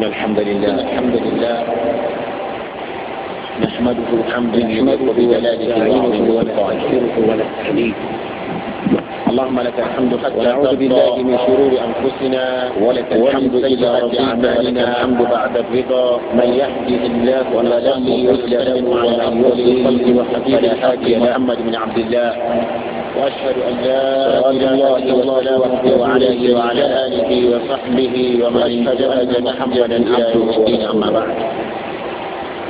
إن الحمد لله الحمد لله نحمده حمدا نحمده بجلاله وعظمه ونستغفره ونستهديه اللهم لك الحمد حتى نعوذ بالله من شرور انفسنا ولك الحمد اذا رب ولك الحمد بعد الرضا من يهده الله ولا يهدي الا له ومن يضلل فلا هادي محمد بن عبد الله وأشهد أن لا إله إلا الله وحده عليه وعلى آله وصحبه ومن اهتدى محمدا إلى يوم الدين أما بعد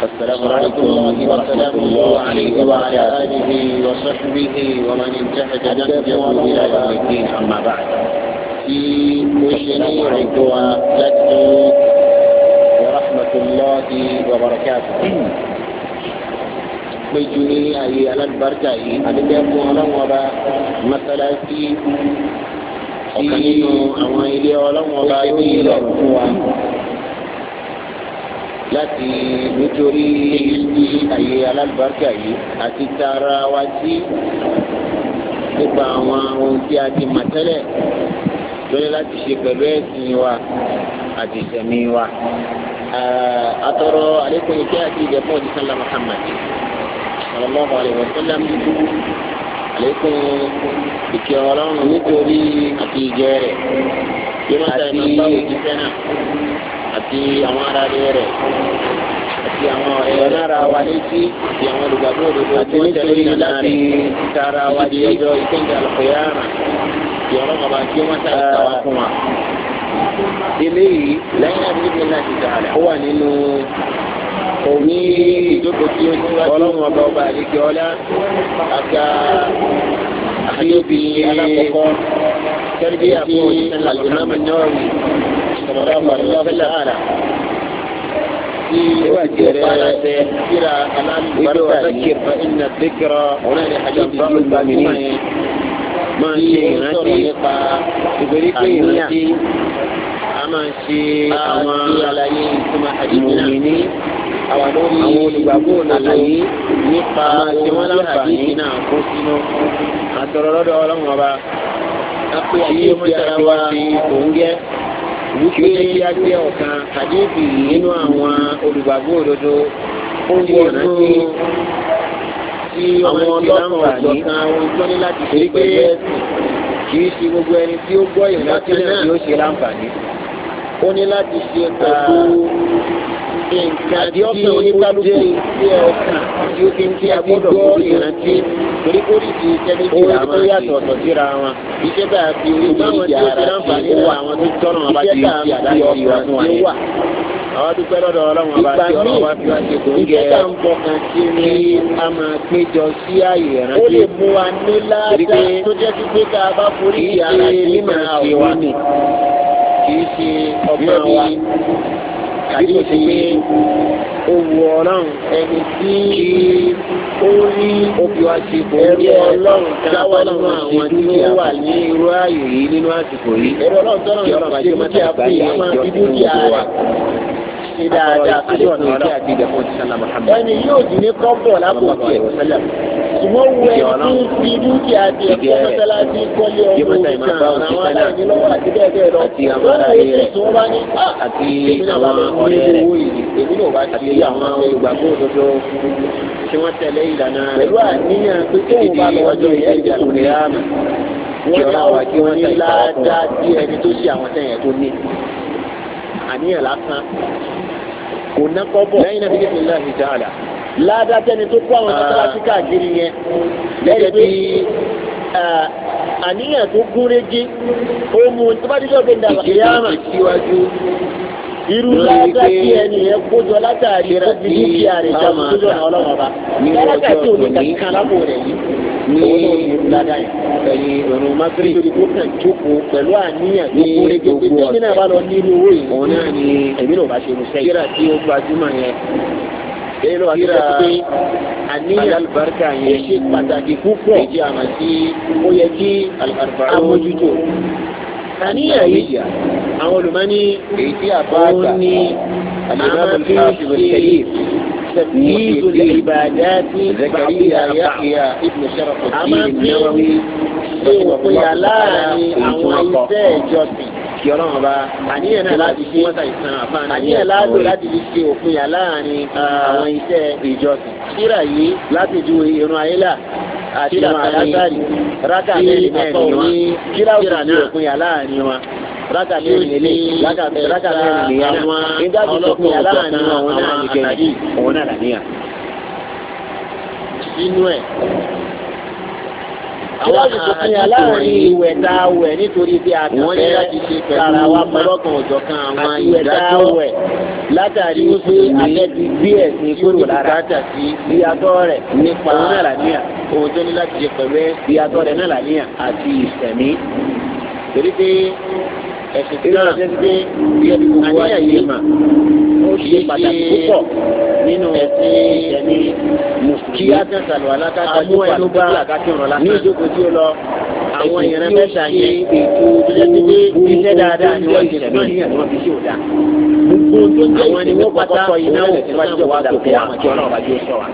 السلام عليكم ورحمة الله عليه وعلى آله وصحبه ومن انتهج نهجه إلى يوم الدين أما بعد في مشروع وبركاته ورحمة الله وبركاته péjú ní ayé alábàárìkà yìí àdúgbò fún ọlọ́wọ́n ọba mọ́sálásí ọ̀kan nínú àwọn ilé ọlọ́wọ́n ọba yóò yí lọ fún wa láti nítorí ayé alábàárìkà yìí àti tara wa sí nípa àwọn ohun tí a ti mà tẹ́lẹ̀ lórí láti ṣe pẹ̀lú ẹ̀sìn wa àti ìṣẹ̀mí wa. Atọ́rọ àlékún ìkẹ́ àti ìjẹ̀fún òjíṣẹ́ ńlá Muhammad sallallahu alaihi wasallam àlékún ìkẹ́ ọlọ́run nítorí àti ìjẹ rẹ̀ àti àti àwọn ará rẹ̀ àti àwọn ẹ̀rọ wa létí àti àwọn olùgbàgbọ́ òdodo àti nítorí láti tara wa di ọjọ́ ìkéǹde àlùkòyàrà àti ọlọ́run ọba tí wọ́n ta àwa fún wa. ní ìjókòó tí ó ti ọlọ́run ọba ọba àlejò ọlá àga àfihàn alákọ̀ọ́kọ́ kẹ́rìbí àpò àlùmọ́mù náà rí ìṣọ̀rọ̀ àbàlọ́fẹ́lá àrà tí ó jẹrẹ kíra aláàlú bàtàkì fa iná dékìrọ ọ̀rẹ́ àjọpọ̀ ìgbàmìnì máa ń ṣe ìrántí nípa ìgbèríko ìrántí a máa ń ṣe àwọn àlàyé ìtumọ̀ àdìmọ́ àwọn olùgbàgbọ́ nàlàyé nípa tí wọ́n láǹfààní náà kó sínú àtọ̀rọ̀ ọlọ́run ọba lápé àyè ara wa òun jẹ́ wípé kí a jẹ́ ọ̀kan àdébì nínú àwọn olùgbàgbọ́ òdodo ó ń wọ̀ tí àwọn ọlọ́run àjọkan ojú ní láti ṣe pẹ̀lú kì í ṣe gbogbo ẹni tí ó gbọ́ ìrántí náà yóò ṣe láǹfààní ó ní láti ṣe pẹ̀lú nǹkan tí ó sàn oníkálukú sí ọkàn tí ó fi ń tí a gbọ́dọ̀ gbọ́ ìrántí torí kó rí ti iṣẹ́ méjì ra wọn yàtọ̀ ọ̀tọ̀ síra wọn iṣẹ́ bá a fi orí méjì ara ti wà àwọn tó tọ́nà wọn bá ti rí ti àdáyé wa fún wa yẹn àwọn dúpẹ́ lọ́dọ̀ ọlọ́run ọba tí ọ̀rọ̀ wa fi wá ṣe kò ń jẹ́ ìgbésà ń bọ̀ kan sí ni a máa péjọ sí ààyè ìrántí. ó lè mú wa ní ládàá tó jẹ́ sí pé tá a bá forí ìyá ara ní màá ṣe wa kì í ṣe ọgbọ́n wa àbí kò sí pé ó wu ọlọ́run ẹni tí ó rí òbí wa ti kò ń jẹ́ ọlọ́run láwọn nínú àwọn tí ó wà ní irú ààyè yìí nínú àsìkò yìí ẹ̀rọ ọlọ́run tọ́lọ́run yọ̀rọ̀ bàjẹ́ mọ́tà àgbáyé àmọ́ dúdú kí a rà ṣe dáadáa tó lè fún ìkẹ́ àti ìdẹ̀kùn ti sálà Muhammad. ẹni yóò di ní kọ́bọ̀ lápò tiẹ̀ ṣùgbọ́n wo ẹni tí fi dúkìá di ẹ̀kọ́ mọ́sálásí kọ́lé ọmọ òkúta àwọn aláìní àti bẹ́ẹ̀ wọ́n tẹ̀lé ìlànà kí wọ́n ní ládàá bí ẹni tó ṣe àwọn sẹ́yìn tó ní àníyàn lásán kò ná kọ́bọ̀ lẹ́yìn náà bíkẹ́tì náà fi dáàlà ládàtẹ́ni tó kó àwọn mọ́sálásí káàkiri yẹn lẹ́yìn bí àníyàn tó gúnrégé ó mú tó bá dídọ́ gbẹ̀ndà ìyá àmà irú ládàá tí ẹni yẹn kójọ látàrí tó fi dúkìá rẹ̀ jà kó jọ náà ọlọ́wọ́ bá ládàá tí òní kankan lápò rẹ̀ yìí ní ẹ̀yìn ọ̀run mákìrì torí kó kàn jókòó pẹ̀lú àníyàn ní gbogbo ọ̀sẹ̀ náà bá lọ nínú owó yìí òun náà ni èmi náà bá ṣe irú sẹ́yìn. kíra tí ó gbajúmọ̀ yẹn kíra àníyàn alibarika yẹn ṣe pàtàkì púpọ̀ èjì àmà sí ó yẹ kí alibarika ó mójútó àníyàn yìí àwọn olùmọ́ni òun ni a máa fi ṣe تمييز العبادات زكريا يحيى ابن شرف الدين النووي رحمه الله تعالى في الموقع kí ọlọ́run bá àníyàn náà láti ṣe àníyàn láti láti fi ṣe òpin yà láàrin ah. àwọn iṣẹ́ ìjọsìn. síra yìí láti ju irun ayélà àti irun àyájáde rákà mẹ́rin mẹ́rin ni wọ́n síra òkú òpin yà láàrin wọn rákà mẹ́rin lè rákà mẹ́rin lè yá wọn nígbà tó lọ pin yà láàrin wọn náà nìkẹyìn òun náà làníyàn. inú ẹ̀ àwọn àtìkò láàrin ìwẹ̀ tá a wẹ̀ nítorí bí a kàn fẹ́ wa mọ́lọ́kan ọ̀jọ̀ kan àwọn ìdájọ́ wẹ̀ látàrí pé alẹ́ ti gbé ẹ̀sìn kúrò lára ìyàtọ̀ rẹ̀ nípa òun náà làníyà òun tó ní láti ṣe pẹ̀lú ìyàtọ̀ rẹ̀ náà làníyà àti ìsẹ̀mí ẹ̀sìn náà àníyàn yìí mà ó ṣe pàtàkì púpọ̀ nínú ẹ̀sìn ìṣẹ̀mí kí á tẹ̀ sàlùwà látàkà tó wà lóba ní ìjókòó tí ó lọ àwọn ìran mẹ́ta yẹn ètò ìdílé iṣẹ́ dáadáa ni wọ́n ti sẹ̀mí àwọn ni wọ́n pàtàkì iná òkú wájú wà lókè àwọn tí ọlọ́run bá jó sọ wa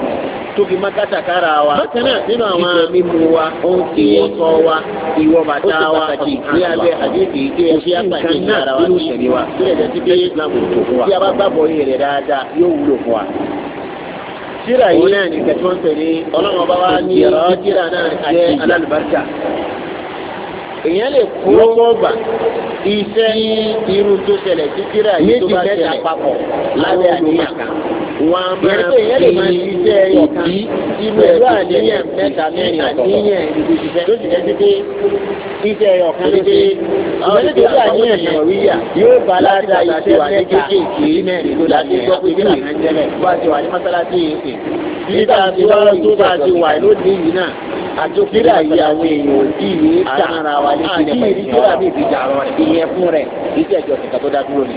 tó fi má kátàkárà wa. bákan náà nínú àwọn mímu wa ohun tí wọ́n sọ wa ìwọ bàtà wa ní abẹ́ àdéhùn ìdí ẹ̀ṣẹ́ àpàdé náà wa ní ìṣẹ̀lẹ̀ wa tí ẹ̀jẹ̀ ti gbé ìsìlámù tó fún wa. tí a bá gbàgbọ́ yìí rẹ̀ dáadáa yóò wúlò fún wa. tíra yìí náà ní kẹtí wọ́n tẹ̀lé ọlọ́run ọba wa ní tíra náà jẹ́ alálùbáríkà èèyàn lè kú lọ́wọ́ gbà iṣẹ́ irú tó ṣẹlẹ̀ títí rà yìí tó bá ṣẹlẹ̀ papọ̀ lábẹ́ àníyàn wọn máa fi ìdí inú ẹ̀rọ àníyàn mẹ́ta mẹ́rin àníyàn tó sì jẹ́ pé iṣẹ́ ẹ̀yọ̀ kan ní pé ìgbẹ́lẹ́dẹ́ àníyàn yẹn yóò bá ládàá iṣẹ́ wa ní kéékèèké mẹ́rin ló láti gbọ́ pé nígbà wà ní mọ́sálásí yìí nígbà tí wọ́n tó bá ti wà lónìí yìí náà àtòkídà yìí àwọn àwa létí nípa ìsìn ọ̀rọ̀ ìyẹn fún rẹ̀ ìṣèjọsìn kan tó dá dúró ni.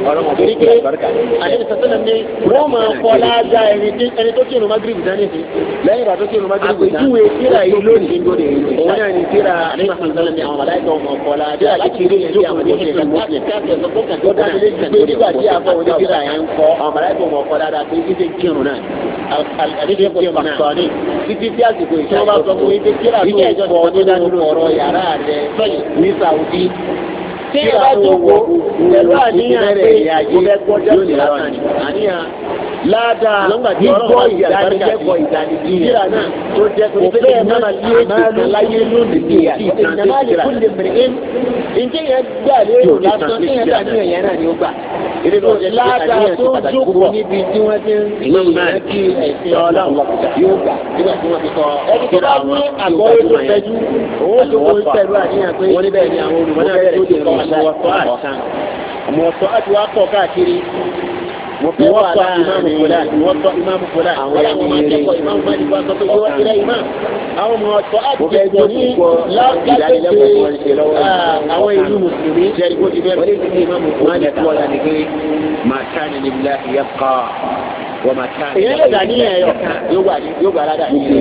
pé àdébí sọ́sọ́nà ní wọ́n máa kọ́ láàjá ẹni tó kírun magrib dání sí lẹ́yìn ìgbà tó kírun magrib dání àpèjúwe tíra yìí lónìí òun náà ní tíra àdébí sọ́sọ́nà ní àwọn aláìsàn ọmọ kọ́ láàjá àkékeré yẹn tí àwọn ọmọdé kan láti káàkiri ọ̀sán kan tó dáni lé ti pé nígbà tí a fọ́ òní tíra yẹn ń kọ́ àwọn aláìsàn ọmọ kọ́ láàjá pé kí ṣe kírun náà àdébí kírun náà títí tí àsìkò ìṣẹ́ wọn bá sọ fún mi pé tíra tó ń kọ́ nínú ọ̀rọ̀ yàrá rẹ̀ ní Saudi tí ìyàbá jókòó pẹ̀lú àníyàn pé mo fẹ́ gbọ́jọ́ sí lásán àníyàn ládàá gbígbọ́ ìdánilẹ́kọ̀ọ́ ìdánilẹ́kọ̀ọ́ náà tó jẹ́ pé òfin náà yé tòkàn láyé lónìí àti ìtànsẹ́kìrà. ǹjẹ́ yẹn gbà lérò lásán ní ẹ̀ka ní ẹ̀yẹ náà ni ó gbà. ládàá tó jókòó níbi tí wọ́n ti ń rìn kí ẹ̀sìn ọlọ́run yóò gbà. ẹni tó bá ní àgọ́ ètò ìtẹ́jú owó tó wọ́n pẹ̀lú àníyàn pé wọ́n níbẹ̀ ni àwọn olùmọ̀ náà tó dé kọ́ àmọ́ ọ̀tọ̀ àti wá pọ̀ káàkiri wọ́n pa ìmáàmù fúlàní wọ́n pa ìmáàmù fúlàní àwọn ọmọ akẹ́kọ̀ọ́ ìmáàmù fúlàní wọ́n sọ pé yóò wá sílẹ̀ ìmáàmù àwọn ọmọ ọ̀tọ̀ àjẹjọ ní lákàtẹ́kẹ́ àwọn ìlú mùsùlùmí jẹ́ igbó ti bẹ́ẹ̀ wọlé ìdílé ìmáàmù fúlàní kú èyí lè dà níyàn yọ yóò gbà ládà níyàn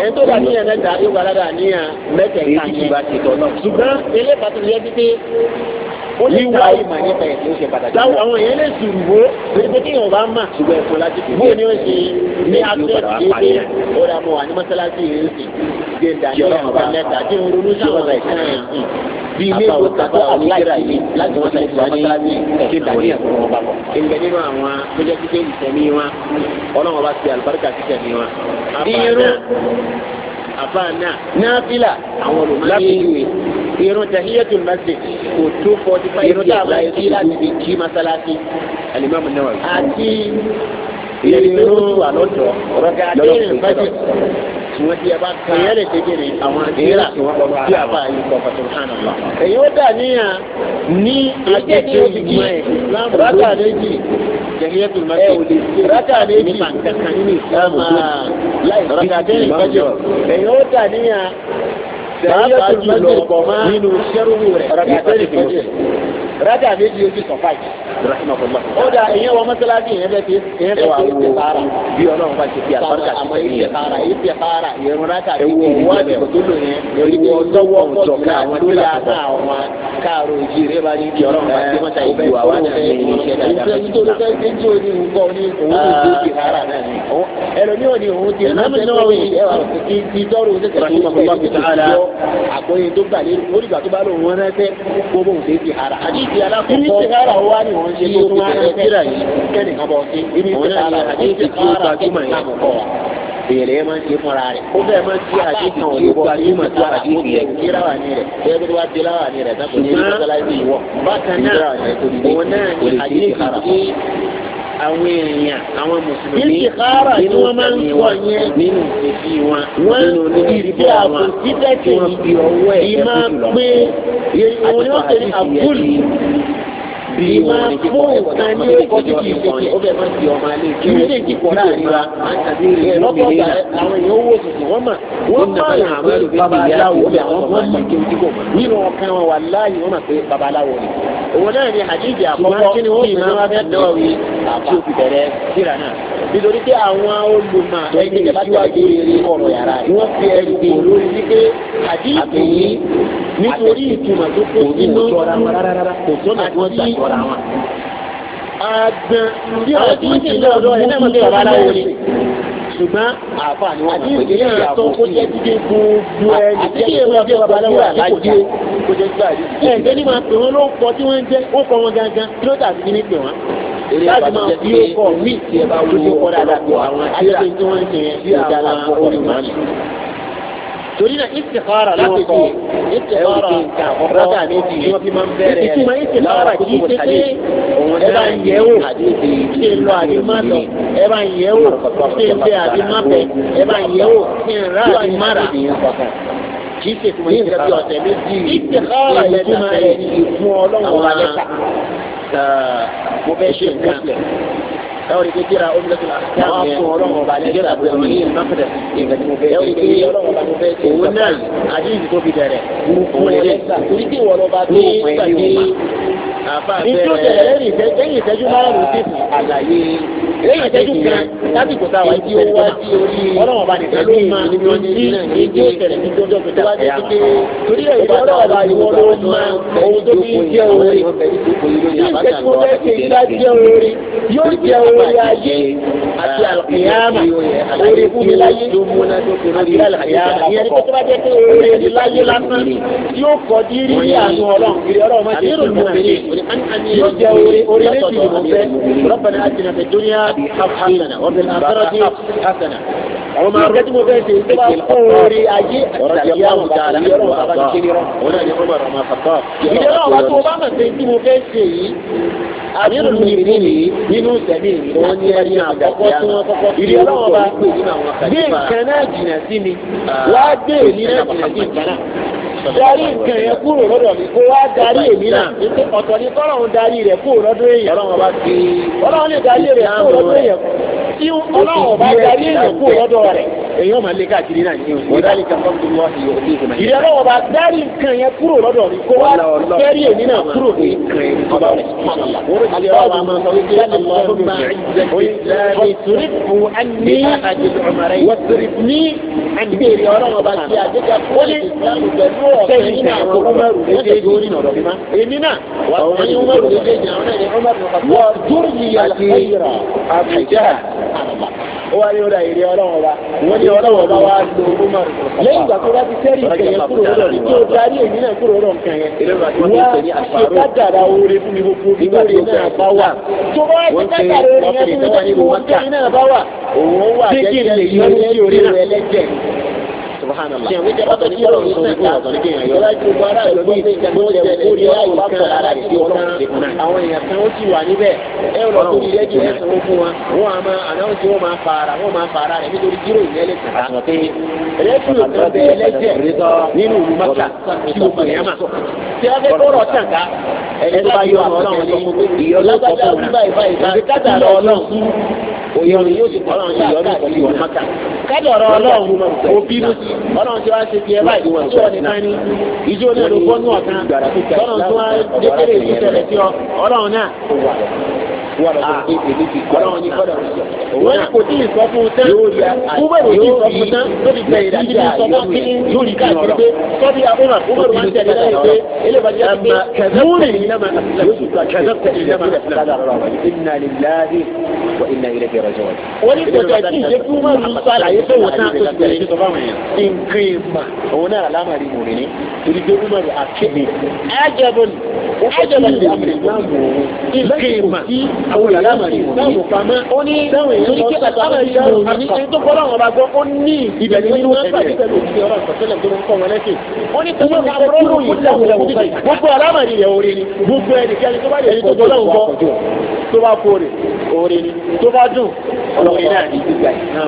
èyí tó dà níyàn mẹ́ta yóò gbà ládà níyàn mẹ́tẹ̀ẹ̀ta yẹn ṣùgbọ́n ilé pàtó wíwá ìmọ̀ nípa ẹ̀ ló ṣe pàtàkì. táwọn àwọn èèyàn lè sùn wó pé kí wọn bá mà. ṣùgbọ́n ẹ̀fọ́ láti fi bó ni ó ṣe ní access ṣe pé ó dà mọ́ wà ní mọ́sálásí yìí sì gbé dàníyà ọ̀gá mẹ́ta tí ń ronú sáwọn ẹ̀sán yẹn bí ilé ìwé kàtó àbúláìsí yìí láti wọ́n ṣe mọ́sálásí ṣe dàníyà fún wọn papọ̀. ìgbẹ́ nínú àwọn tó jẹ́ kíkẹ́ ìtẹ̀mí wa ọlọ́wọ́n bá ti àlùbáríkà kíkẹ́mí wa. irú àbá náà náà fílà àwọn olùmọ̀ irun tahiyatul masjid kò tó forty five irun tá a bá yí láti fi kí masalasi alimami Nawawi. àti irun rọgàdéyìn fásitì tiwọn tí a bá ka èyàn lè tẹ́jẹ́ rẹ̀ àwọn àdéhà tí a bá yí kọ́ fàtó hànà lọ. èyí ó dà níyàn ní àjẹjẹ òbíkí rákà méjì tahiyatul masjid rákà méjì rákà déyìn fásitì èyí ó dà níyàn pàápàá jùlọ nínú sẹ́rùmù rẹ̀ rẹ̀ rájà méjì ojú sọ̀fáì. ó dà ìyẹn wọ mọ́sálásí ìyẹn bẹ́ẹ̀ fi ìyẹn bẹ́ẹ̀ fi ìfẹ́ fara. bí ọlọ́run bá ti fi àbárkà sí ìyẹn. ìfẹ́ fara ìfẹ́ fara ìyẹn rájà méjì ojú sọ̀fáì. ewu tó lò yẹn. ewu ọlọ́wọ́ ọ̀jọ̀ká àwọn tó yà sá àwọn káàró ìjì rẹ̀ bá ní kí ọlọ́run bá ti mọ́ta ìbú àwa náà ní ìṣẹ́ dáadáa. ìfẹ́ tó lọ sẹ́yìn tí ó ní nǹkan ní òun ìdí ti hara náà ni. Ah. ẹlòmíì ò ní òun ti ẹ̀rọ ti tọ́rù ṣẹ̀ṣẹ̀ tó ń bọ̀ àkóyè tó gbà lé orí ìgbà tó bá lò wọ́n rẹ́ fẹ́ gbogbo òun ti hara. àdí àdìsí alákọ̀ọ́kọ́ ibi ìsìnkára wa ni wọ́n ṣe tó máa ń kíra yìí kẹ́ni kan bọ̀ sí ibi ìsìnkára àdìsí tí ó gbajúmọ̀ yẹn àkọ́kọ́ wa èèrè máa ń ṣe fúnra rẹ̀ ó bẹ́ẹ̀ máa ń ṣe àdìsí kan òní bọ́ gbajúmọ̀ tó àdìsí yẹn kíra wà ní rẹ̀ bẹ́ẹ̀ bí wàá tẹ́lá wà ní rẹ̀ sáfù ní ìlú àwọn èèyàn àwọn mùsùlùmí nínú ìsẹ̀mí wọn nínú ìsẹ̀fí wọn nínú onídìrí wọn tí wọ́n fi ọwọ́ ẹ̀ sí ìwọ̀n fún nǹkan ní ìkọ́jú kì í ṣe kí ọbẹ̀ máa ti ọmọ alẹ́ kí ní èjì kọ́ láàrin wa àti lọ́pọ̀ ọ̀gá àwọn èèyàn owó òṣìṣẹ́ wọ́n mà wọ́n mà náà pé babaláwo ni àwọn wọ́n mà nínú ọkàn wọn wà láàyè wọ́n mà pé babaláwo ni. òun náà ni àdíjì àkọ́kọ́ kí ni wọ́n fi máa fẹ́ dán wí àti òfin síra náà nítorí pé àwọn olùmọ̀ ẹgbẹ́ ìjọba ti ọ̀rọ̀ yàrá ni wọ́n fi ẹrù gbé lórí wípé àdíjì nítorí ìtumọ̀ tó kó sínú kò sọ́nà tí wọ́n gbà jọra wọn. àgbọn bí ọ̀rọ̀ tí wọ́n ti lọ lọ ẹ̀ náà mọ̀ sọ̀rọ̀ ara ni ṣùgbọ́n àdìsí náà tó kó jẹ́ dídé gbogbo ẹni jẹ́ kó jẹ́ babaláwo àlájé kó jẹ́ gbà yìí. ẹ̀ǹdẹ́ ní máa pè wọ́n ló ń kọ tí wọ́n jẹ́ ó kọ wọn gangan kí ló tàbí ní pè wọ́n. láti máa fi ó kọ mí tó ti kọ́ wọ́n ń ṣe ìdára torí náà ìtìkára ló kọ ìtìkára rákà méjì ni wọ́n fi máa ń bẹ̀rẹ̀ rẹ̀ ìtumọ̀ ìtìkára kì í ṣe pé ẹ bá ń yẹ̀ wò ṣe ń lọ àbí má lọ ẹ bá ń yẹ̀ wò ṣe ń bẹ àbí má bẹ ẹ bá ń yẹ̀ wò ṣe ń rà àbí má rà kì í ṣe fún ìṣẹ́ bí ọ̀sẹ̀ méjì ìtìkára yẹn tó máa ń fún ọlọ́run wa lẹ́ta mo fẹ́ ṣe nǹkan ẹ̀wọ̀n ìgbé jíra omilẹ́tò la. wọ́n á fún ọlọ́run ọba ní ìjọba àbúrò ní ìlú mákàdà. ẹ̀wọ̀n ìgbé ọlọ́run ọba tó fẹ́ ṣe. òun náà àdéhùn tó fi bẹ̀rẹ̀. òun lè torí kí ìwọ lọ́ba tó gbàgbé àbá bẹ̀rẹ̀. nítorí lẹ́yìn ìṣẹ́jú márùn-ún sí fún àlàyé. lẹ́yìn ìṣẹ́jú kan láti kò táwa tí ó wá sí orí ọlọ́run ọba nìkan ló máa ń yan sí èdè lórí ayé àti àlùkìyàmà orí fún mi láyé àti àlùkìyàmà ìyẹn tó tó bá jẹ́ pé orí ẹni láyé lásán yóò kọ́ di rí ní àánú ọlọ́run kiri ọlọ́run máa tẹ̀sí ìlú mọ̀fẹ́lẹ́ yóò jẹ́ orí orí létí ìlú mọ̀fẹ́ rọ́bàdà àti nàfẹ́ dúníà hasana ọ̀bẹ̀ àfẹ́rọ̀ tí hasana. àwọn máa rọ kẹ́tí mo fẹ́ ṣe tó bá kó orí ayé àti àlùkìyàmà kiri ọlọ́run bàbá ti kiri rọ. ìdí ọlọ́run bá tó bá mọ̀ wọ́n ní ẹni àkọ́kọ́ tí wọ́n kọ́kọ́ fi ìdí ọlọ́wọ́ bá gbé nǹkan náà jìnà sí mi ah, wá gbé èmi náà jìnà sí nǹkan náà darí nǹkan yẹn kúrò lọ́dọ̀ mi kó wá darí èmi náà ọ̀tọ̀ ni kọ́lọ́hún darí rẹ̀ kúrò lọ́dọ̀ èèyàn ọlọ́run lè darí rẹ̀ kúrò lọ́dọ̀ èèyàn tí ọlọ́run bá darí èèyàn kúrò lọ́dọ̀ rẹ̀ èyí ọmọ ilé káàkiri náà ní o ìdálẹ́ kan fún mi wọ́n yóò ní ìgbìmọ̀. ìdí ọlọ́wọ́ bá dárí nǹkan yẹn kúrò lọ́dọ̀ mi kó wá fẹ́rí èmi náà kúrò ní ọba rẹ̀. àti ọba máa sọ wípé ọlọ́run máa ń jẹ ìtúrí fún ẹni wọ́túrí ní àgbèrè ọlọ́wọ́ bá ti àjẹjà fọ́lẹ́ sẹ́yìn náà kó umaru méjèèjì orí nà ní umaru méjèèjì ó wá ní ó da ìrẹ́ ọlọ́run ọba wọ́n ní ọlọ́run ọba wá lo Umar lẹ́yìn ìgbà tó bá ti tẹ́rì ìkẹyẹ kúrò lọ́dọ̀ ní tí ó darí èmi náà kúrò lọ́dọ̀ nǹkan yẹn wá ṣe kádàrà oore fún mi gbogbo bí lóore náà bá wà tó bá ti kádàrà oore yẹn fún mi gbogbo bí lóore náà bá wà òun wà gẹ́gẹ́ bí orí rẹ̀ lẹ́jẹ̀ subhanallah. ṣe wíjẹ bá tọ́jú ọ̀rọ̀ yìí sẹ́yìn kan ọ̀tọ̀ ní kéèyàn yọ. ìwádìí gbogbo ara ìlú gbọ́ pé ìjẹun jẹ orí ọ̀hún kan ara rẹ̀ sí ọ̀tán. àwọn èèyàn kan ó ti wà níbẹ̀ ẹ ò lọ tóbi lẹ́jì ẹ̀ sanwó fún wa. wọ́n á máa àdáhùn tí wọ́n máa fa ara wọ́n máa ọlọ́run òbí ló ti ọlọ́run tí wàá ṣe fi ẹ báyìí wọ̀ tí wọ́n nìkan ní ìjó náà ló gbọ́ nù ọ̀kan ọlọ́run tí wàá dékèrè ìṣẹ̀lẹ̀ sí ọ ọlọ́run náà Ah. Ọlọ́run ní kọ́dà òṣìṣẹ́. Wọ́n kò tí ì sọ fún tán. Yóò tí ì sọ fún un tán. Lórí bẹ̀rẹ̀ ìdájí ni sọ fún un. Yóò káàkiri pé sọ́bí Abúmà Uberu máa ń tẹ̀lé láyé pé eléwájú àti pé múrì kẹ̀dọ́tà ìlànà ìnà lílàhí wa ìnà ilẹ̀ kẹrẹ̀ jọ̀wọ́. Wọ́n ní tọ́jà tí ìṣe fún Umaru ń sọ àlàyé fún wọn tán tó ti bẹ̀rẹ̀ sọ fáwọn èèyàn. Nǹkan ìmọ̀ òun náà lámà rí mòrin ní. Torí pé Umaru àkéde. Ajabon, Ajabon ni àmì ìlànà òun. Nǹkan ìmọ̀ owó ìyàlámàrí táwọn pamọ́ ó ní táwọn èèyàn sọ sábà ní ìyàwó ní tó gbọ́dọ̀ wọn bá gbọ́ ó ní ibẹ̀ ní inú pàdé pẹ̀lú òkúté ọ̀rọ̀ àtọ̀tẹ́lẹ̀ tó ń kọ́ wọn lẹ́sìn ó ní tó wọn bá rọ́ọ̀rù gbogbo alámàrí rẹ̀ orí ni gbogbo ẹnikẹ́ni tó bá yẹ kó tó lọ́wọ́ tó bá kó rè orí ni tó bá dùn orí náà ni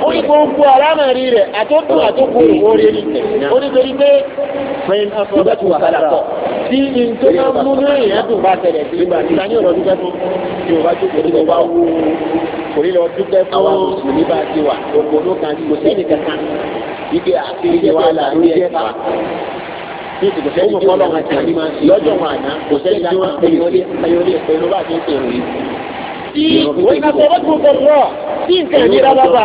ó ní gbogbo alámàrí rẹ̀ àtọ́dún àtọ́kù orí ni ó ní torí pé nígbà tí wàhálà pọ̀ tí nǹkan máa mú náà yẹn dùn bá tẹ̀lé sí ìgbà tí sani ọ̀rọ̀ dúpẹ́ fún tí o bá tó kò ní lọ bá wú kò ní lọ dúpẹ́ fún àwọn mùsùlùmí bá ti wà òkò ló kan kò sí ẹnì kankan ibi àti ìdí wàhálà ní ẹ̀ fà kò sẹ́ni tí wọ́n ti lọ́jọ́ wọn àná kò sẹ́ni tí wọ́n ti lọ́jọ́ ayọ̀lẹ̀ pẹ̀lú bá ti ń tẹ̀rù yìí. tí wọ́n ti sọ̀rọ̀ tó bọ̀ rọ̀ tí nǹkan ìnira bá bá.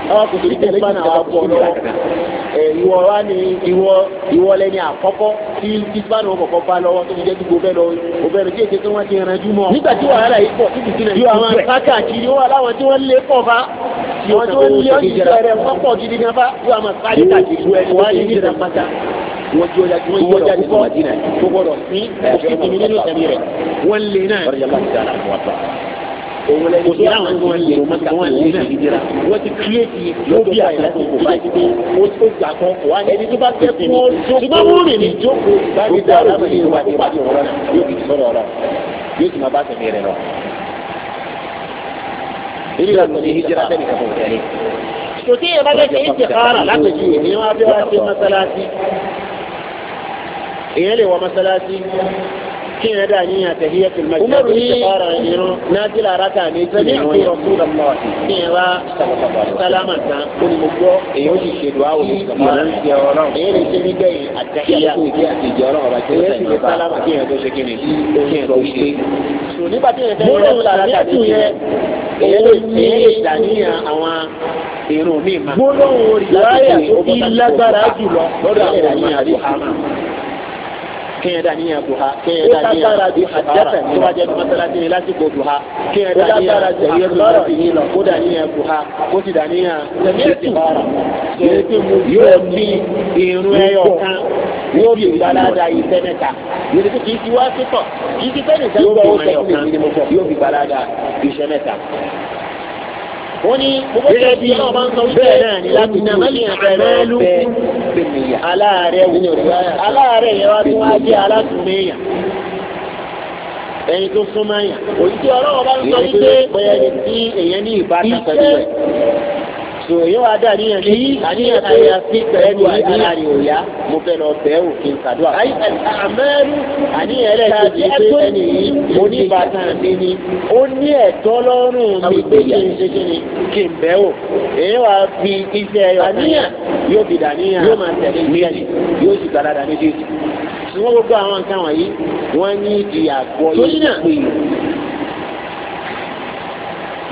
àwọn kò tóbi tẹ̀lé ìgbàna àwọn pọ̀ lọ́wọ́ ìwọ wa ni ìwọ ìwọ lẹni àkọ́kọ́ tí ìgbàna wọn kọ̀kọ́ bá lọ́wọ́ tó fi jẹ́ gbogbo bẹ́ẹ̀ lọ òbẹ̀rù tí èké tí wọ́n ti rànjú mọ́. nígbà tí wàhálà yìí pọ̀ títí sílẹ̀ yóò àwọn kákàkiri wà láwọn tí wọ́n lé pọ̀ fa àwọn tí wọ́n lé ọ̀sẹ̀ rẹ̀ pọ̀ gidi gan fa yóò àwọn kákàkiri wà ní ìdílé pátá wọ́n jọ ya wọ́n jọ ya nípa madina tó gbọ́dọ̀ sí òkè tèmi nínú tẹ̀mí rẹ̀ wọ́n lé náà kò sí àwọn tó ń yẹ̀rọ mọ́ta wọn ní ìlú ìdíra wọ́n ti kíyèsí lóbi àtàkùn kò bá ìdílé ó tó gbà kan wá ní ẹni tó bá fẹ́ kún ó jókòó ṣùgbọ́n wọ́n rìn ní jókòó ìbáni dára lórí ìwà ìwà ìwà yóò fi sọ̀rọ̀ ọ̀rọ̀ yóò ti bá tẹ̀lé rẹ̀ lọ. èyí lànà ní ìdíra tẹ̀lé kan kò tẹ̀lé. sòtí ẹ̀ bá gẹ́gẹ́ ìtìkára látọ̀jú ènìyàn wá fẹ́ wá sí mọ́sálásí kí ẹ dà ní àtẹ̀híyẹ́tì mẹ́jọ. umaru ní nájìlá araka ní ìtìlẹ̀ wọn yẹn. kí ẹ bá sálámà tán ó ní mo gbọ́ èyí ó sì ṣe dùn áwò ní ìmọ̀ràn ti ọ̀rọ̀. èyí lè ṣe ní gbẹ̀yìn àtẹ̀híyẹ́tì ìdí àti ìjọ ọ̀rọ̀ ọ̀rọ̀ àti ìjọ ìjọba. sálámà kí ẹ tó ṣe kí ni kí ẹ tó ṣe. nígbà tí ẹ tẹ́lẹ̀ nájìlá araka ní ìtìlẹ̀ irun mi ma. gbólóhùn rìláyà tó fi lágbára jùlọ lọ́dọ̀ àwọn ọmọ àti hama kéèyàn dà níyàn duha kéèyàn dà níyàn àjẹsẹ tó bá jẹ mọ́sálásí ni lásìkò duha kéèyàn dà níyàn ẹ̀yẹ lọ́rọ̀ yìí lọ kó dà níyàn duha kó sì dà níyàn ìsìbára yóò fi irun ẹyọ kan yóò fi gbalada yìí sẹ́nẹ̀ta yóò fi kì í ti wá sí tọ̀ kì í ti fẹ́ẹ̀ nìkan gbọ́ ó tẹ̀ yóò fi gbalada yìí sẹ́nẹ̀ta wọ́n ní gẹ́gẹ́ bí bẹ́ẹ̀ náà ni láti náà má lè bẹ̀rẹ̀ lú aláàrẹ̀ wù aláàrẹ̀ yẹn wá tún wá jẹ́ alátùmẹ̀yà ẹni tó súnmọ́ yà òyìnbó ọlọ́wọ́ bá ń sọ wípé bẹ́ẹ̀ ni tí èèyàn ní ìbátan pẹ̀lú ẹ̀ tó yóò wá dà níyàn ní àníyàn tó yà sí pẹ̀lú àníyàn òyà mo fẹ́ lọ bẹ̀ ẹ́ òfin kàdúrà. àmẹ́rù àníyàn rẹ̀ ti di pé ni ó ní ẹ̀tọ́ lọ́rùn mi pé kí ni kí àwọn nǹkan wọ̀nyí wọ́n ní ìdí àgbọ̀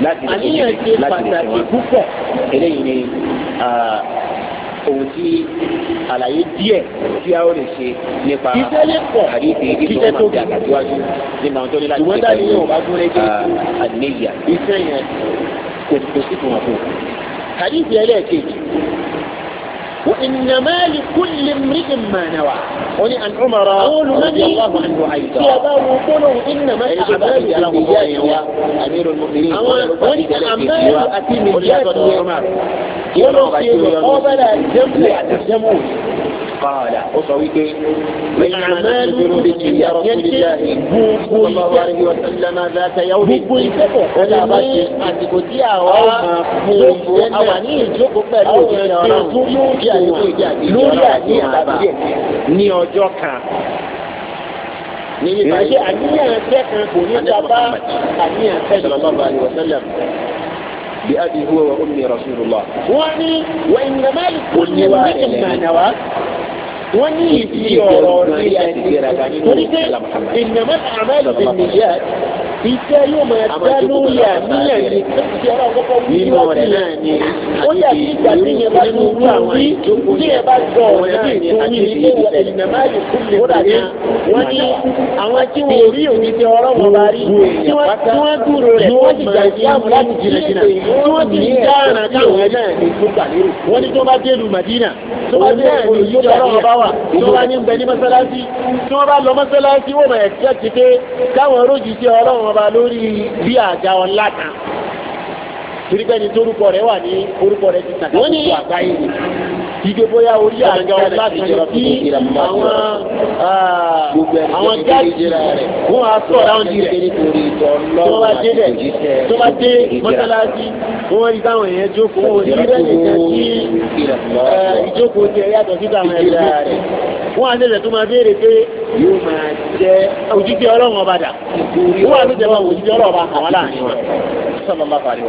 láti lè ṣe láti lè ṣe wọn. àníyàn ṣe pàtàkì púpọ̀. eléyìí ni ohun tí àlàyé díẹ̀ tí a ó lè ṣe nípa àdìsí ìdíje ọmọ àti àgbàdúwájú nípa ohun tó ní láti ṣe pẹ̀lú àdìníyà. iṣẹ́ yẹn kò sí fún wọn وإنما لكل امرئ ما نوى ولي عن عمر رضي الله عنه أيضا يا باب قولوا إنما يعني الأعمال بالنيات أمير المؤمنين ولي أعمال أتي من جهة عمر يرى في مقابلة جمع الجمود قال وصويته بالأعمال بالنية صلى الله عليه وسلم ذات يوم ولا باشي àsìkò tí àwa àwa ní ìjókòó pẹ̀lú òṣìṣẹ́ ọ̀rọ̀ lórí àníyàn àbí ní ọjọ́ kan ìrìnàjò àníyàn ẹsẹ̀ kan kò ní sábà àníyàn ẹsẹ̀ lọ́ba àlùwọ̀sẹ́lẹ̀ بأبي هو وأمي رسول الله. وإنما لكل امرئ ما نوى وني في ورانيات الجراجانين وليس إنما الأعمال بالنيات Iṣẹ́ yóò máa dá lórí àníyàn yìí tí ọlọ́run kọ́kọ́ wí síwájú yẹn. Ó yà sí ìgbà tí yẹn bá tún wú àwọn yìí tí yẹn bá gbọ́ ọ̀rọ̀ náà ní àti ìwé ẹ̀yìn máàlì kúlẹ̀ ó dàbí wọ́n ní àwọn tí wọ́n rí òní tí ọlọ́run bá rí tí wọ́n dúró rẹ̀ wọ́n ti gbà sí àmú láti jìnà jìnà tí wọ́n ti dá àrà káwọn náà ní gbogbo àlérò. Wọ́n ní tó bá dé lu Màdínà tó bá dé lu ìlú ọlọ́run bá wà tó bá ní bẹ ní mọ́sálásí tí bá lọ mọ́sálásí wọ́n máa ẹ̀kẹ́ ti pé káwọn rójì sí ọlọ́run ọba lórí bí àjà ọlá kan torípẹ́ni tó orúkọ rẹ̀ wà ní orúkọ rẹ̀ ti tàkà gbogbo àgbáyé ni ìgbé bóyá orí àga ọlá ti tí àwọn gáàsì ah, wọn á sọ ráńdì rẹ̀ tó bá dé rẹ̀ tó bá dé mọ́sálásí wọn rí táwọn èèyàn jókòó wọn rí rẹ̀ eh, ìjókòó ti ẹ̀yà tó sí táwọn rẹ̀ wọ́n á nílẹ̀ tó máa béèrè pé yóò máa jẹ́ òjijì ọlọ́run ọba dà wọ́n á ló jẹ́ máa òjijì ọlọ́run ọba àwọn láàrin wọn sọ́nà máa parí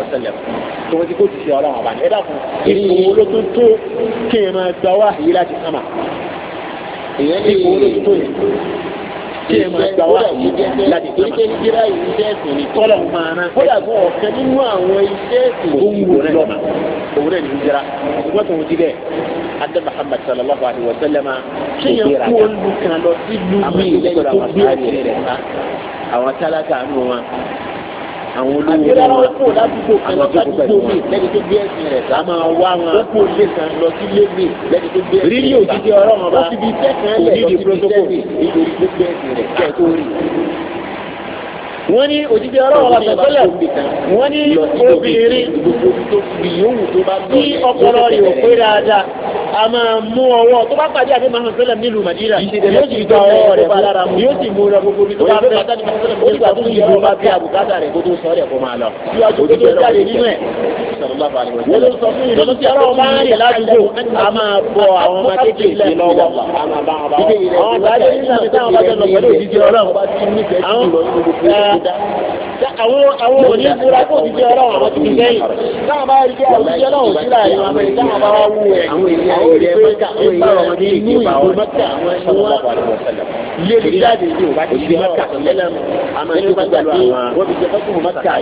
kí ẹ máa gbà wá láti tó ṣe jíra yìí iṣẹ́ ẹ̀sìn ni tọ́lọ̀ máa rán. kódà fún ọ̀kẹ́ nínú àwọn iṣẹ́ ẹ̀sìn tó ń wò náà lọ́mà ní jíra ṣùgbọ́n tó ń ti bẹ́ẹ̀ adé Muhammad sallallahu alayhi wa sallam kéèyàn kú olùkàn lọ mi lẹ́yìn tó gbé àwọn tálákà nù wọn àwọn olówó wọn wọn kò ládùúgbò kan lọ sádùúgbò tó gbé ẹsìn rẹ sá máa wá wọn ó kò lè kan lọ sílé mi lẹni tó gbé ẹsìn rẹ sá rírí òjijì ọ̀rọ̀ wọn ó ti fi iṣẹ́ kan tó gbé ẹsìn rẹ sá tó rí wọ́n ní òjijì ọlọ́wọ́ àtọ̀tọ́lẹ̀ wọ́n ní obìnrin tí ọpọlọ rẹ̀ ò pé dáadáa a máa mú ọwọ́ tó bá pàdé àti mahamud sọlẹ̀ nílùú Madina yóò sì gba ọwọ́ rẹ̀ lára mu yóò sì mú lọ gbogbo ibi a máa bọ àwọn ọmọ kékeré lọ́wọ́ àwọn àgbáyé dáadáa àwọn àwọn òní ìbúra kó ti jẹ́ ọlọ́run àwọn ti fi sẹ́yìn bá rí pé àwọn ti jẹ́ ọlọ́run láàrin wọn pé táwọn bá wú ẹ̀ àwọn ìlú mẹ́ta wọn lé ní jáde ní òbá ti fi mẹ́ta sílẹ̀ àmọ́ ẹni bá gbàgbé wọ́n fi jẹ́ fẹ́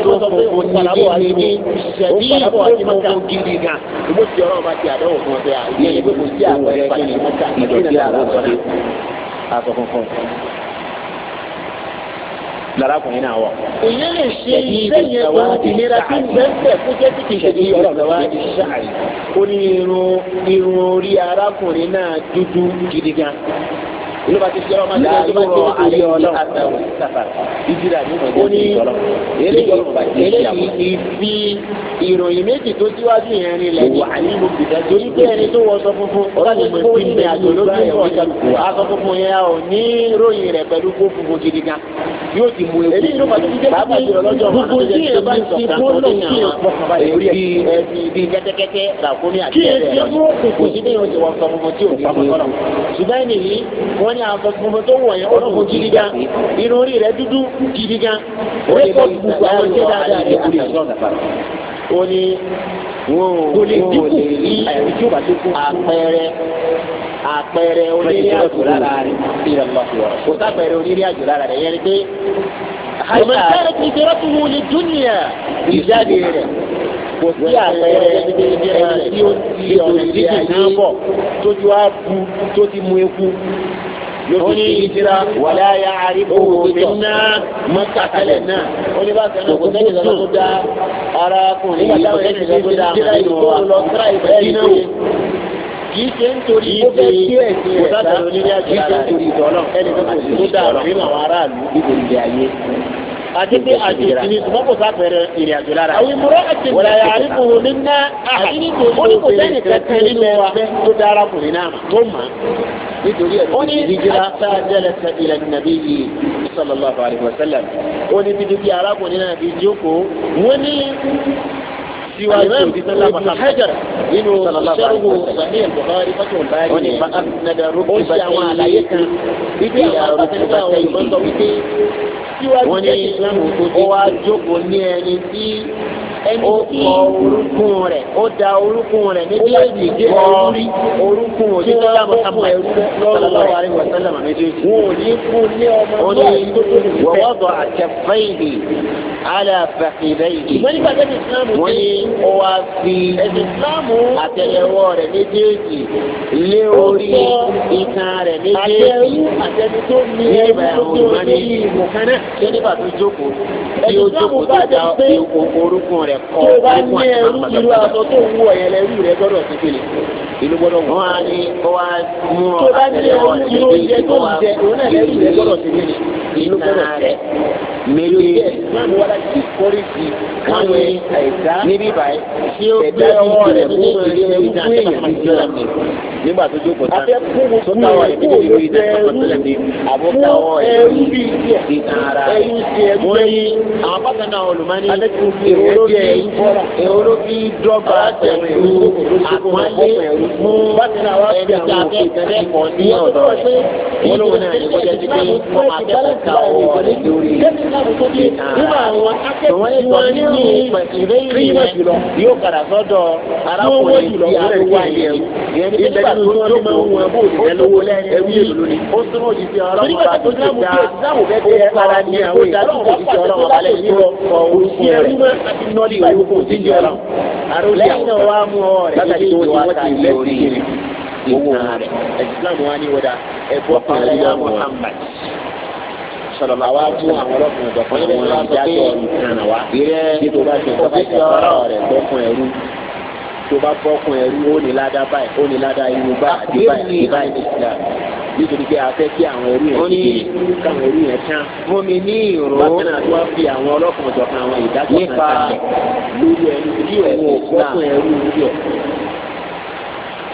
tó funfun ní ní ṣẹ̀dí ìfọ̀nfun gidi gan. Ìbò ti ọ̀rọ̀ bá ti àdánwò fún ọ̀sẹ̀ àìyé ìgbé kò sí àpẹẹrẹ pàtàkì mọ́tà ìdílé àlàkọ́lá. Aṣọ funfun lára kùnrin náà wọ. ìyẹn lè ṣe iṣẹ́ yẹn tó ìlera tó ń bẹ́ẹ̀ kó jẹ́ tí kì í ṣe ti ọ̀rọ̀ wa ṣáàyè. ó ní irun irun orí arákùnrin náà dúdú gidi gan ló bá ti fi ọlọ́mọ sí ẹni tó bá jọ ayé ọlọ́mọ ìdíra ní ìjọba eléyìí ti fi ìròyìn méjì tó síwájú yẹn ni lẹ́yìn wà ní ìlú bìtẹ́ torí pé ẹni tó wọ sọ funfun ọlọ́dún pé ó ní àjò lójú ọ̀sán aṣọ funfun yẹn ò ní ròyìn rẹ̀ pẹ̀lú kó funfun gidi gan yóò ti mú ewu eléyìí ló bá ti fi jẹ́ pé gbogbo tí èèyàn wọ́n ní àwọn gbogbo tó wọ̀ yẹn ó dùn gidi gan inú orí rẹ̀ dúdú gidi gan rẹ́pọ̀ gbogbo àwọn jẹ́ dáadáa rẹ̀ kúrè ó ní kò lè dínkù ní àpẹẹrẹ àpẹẹrẹ onírí àjò lára rẹ̀ kò sápẹẹrẹ onírí àjò lára rẹ̀ yẹn ni pé ọmọ ìsára ti ṣe rọ́pò wọlé dúnìyà ìjáde rẹ̀ kò sí àpẹẹrẹ ẹni tí ó ti ọ̀rẹ́ dídì náà bọ̀ tó ti wá bu tó ti mu eku ló fi ṣe ìjìra wàlẹ́ àyà àríkòwò mi ná mọ́tà tẹ́lẹ̀ náà ó sẹ́nu kò sẹ́yìn lọ́dún tó dá arákùnrin yìí kò sẹ́yìn lọ́dún tó dá àmàlínú wa kì í ṣe nítorí ó fẹ́ kí ẹ̀sìn rẹ̀ kì í ṣe nítorí ìtọ́lọ́ ẹni tó kò sí tó nínú àwọn aráàlú ìgbòlùdè ayé àti pé àjòjì ni ṣùgbọ́n kò sáfẹ́rẹ́ ìrìn àjò lára. àwọn ìmúrọ́ àti ìgbàlẹ̀ àríkùnrin ní ná àti nítorí ó ní kò sẹ́ni kẹta nínú wa tó dára kùn nínú àmà tó mà nítorí ẹ̀ lórí ìdíjìlá sáájẹ́lẹ̀ ilẹ̀ nàbí yìí sallallahu alaihi wasallam ó ní bíbí arákùnrin náà fi jókòó wọ́n ní الإمام ابن حجر إنه شره صحيح البخاري فتح الباري ونما أسند ركبتين عليك إلى ركبتين wọ́n ní ìsìlámù tó dé. ó wá jókòó ní ẹni tí ó kọ orúkún rẹ̀ ó da orúkún rẹ̀ méjèèjì kọ orúkún òṣìṣẹ́ lábọ̀ sábà sallallahu alaihi wa sallam méjèèjì. wọn ò ní fún ní ọmọ náà tó tó lè fẹ́. wọ́wọ́dọ̀ àkẹfẹ́yìdì aláfẹ́fẹ́yìdì. wọ́n nígbà tẹ́lẹ̀ ìsìlámù ṣe ó wá fi àtẹ́lẹwọ́ rẹ̀ méjèèjì lé orí itan rẹ̀ méjèèjì. àtẹ́lú tó ní ẹ̀rọ tó ní ìmọ̀ kan náà. ṣé nígbà tó jókòó tí ó jókòó tó da orúkún rẹ̀ rẹ̀ kọ́ tó bá ní ẹrú irú aṣọ tó ń wọ yẹn lẹ́rú rẹ̀ gbọ́dọ̀ ti kéde ìlú gbọ́dọ̀ wọ́n á ní kó wá mú ọ àtẹlẹ wọn ní ilé tó wá ìlú rẹ̀ gbọ́dọ̀ ti kéde ìlú gbọ́dọ̀ tẹ̀ mẹ́lẹ́ kánú ẹ̀dá níbí báyìí tí ó gbé ọwọ́ rẹ̀ fún ìlú ẹ̀dá nígbà tó jókòó sáà sọ́tà wà ní kíkó ìlú ìdá ìpàkọ́sílẹ̀ ní àbúkà ọ̀ ẹ̀rú ti ara rẹ̀ wọ́n yí àwọn bákan olùmọ́ni èrò ló dọ́gba pẹ̀lú àpọ́nlé mú ẹni tí a fẹ́ fẹ́ kọ́ ní ọ̀dọ́ rẹ̀ wọ́n ló wọn àyè wọ́n jẹ́ ti pé wọ́n máa fẹ́ kọ́ ọ̀rọ̀ rẹ̀ lórí ti ara rẹ̀ wọ́n yí wọ́n ní ìrẹ́yìn rẹ̀ yóò padà sọ́dọ̀ arákùnrin tí a ló wà yẹn tó jókòó ó súnmọ́ òjijì ọlọ́run bá tó ti dá ó fara ní àwọn ìdájọ́ òjijì ọlọ́run bá lẹ́yìn tó kọ orúkú rẹ̀ nọ́ọ̀lì orúkú òjijì ọlọ́run lẹ́yìn náà wá mú ọ rẹ̀ lẹ́yìn tó wá ta ilé orí rẹ̀ owó rẹ̀ Islam wa ní wọ́dà ẹ̀bọ́ pàlẹ́ yà Muhammad sọlọlọ àwa mú àwọn ọlọ́pàá ọ̀dọ́ fún àwọn ìdájọ́ ìtàn wa nítorí àti ọ̀dọ́ fún ẹrú tó bá bọ́kùn ẹrú ó ní ládá báyìí ó ní ládá irun báyìí àti báyìí ní islam nítorí pé a fẹ́ kí àwọn ẹrú yẹn ti káwọn ẹrú yẹn tán. mo mi ní ìró bákan náà tí wọ́n fi àwọn ọlọ́kùnrin jọ̀kan àwọn ìdájọ́ kan kalẹ̀ lórí ẹni tí òun ò bọ́kùn ẹrú rẹ̀.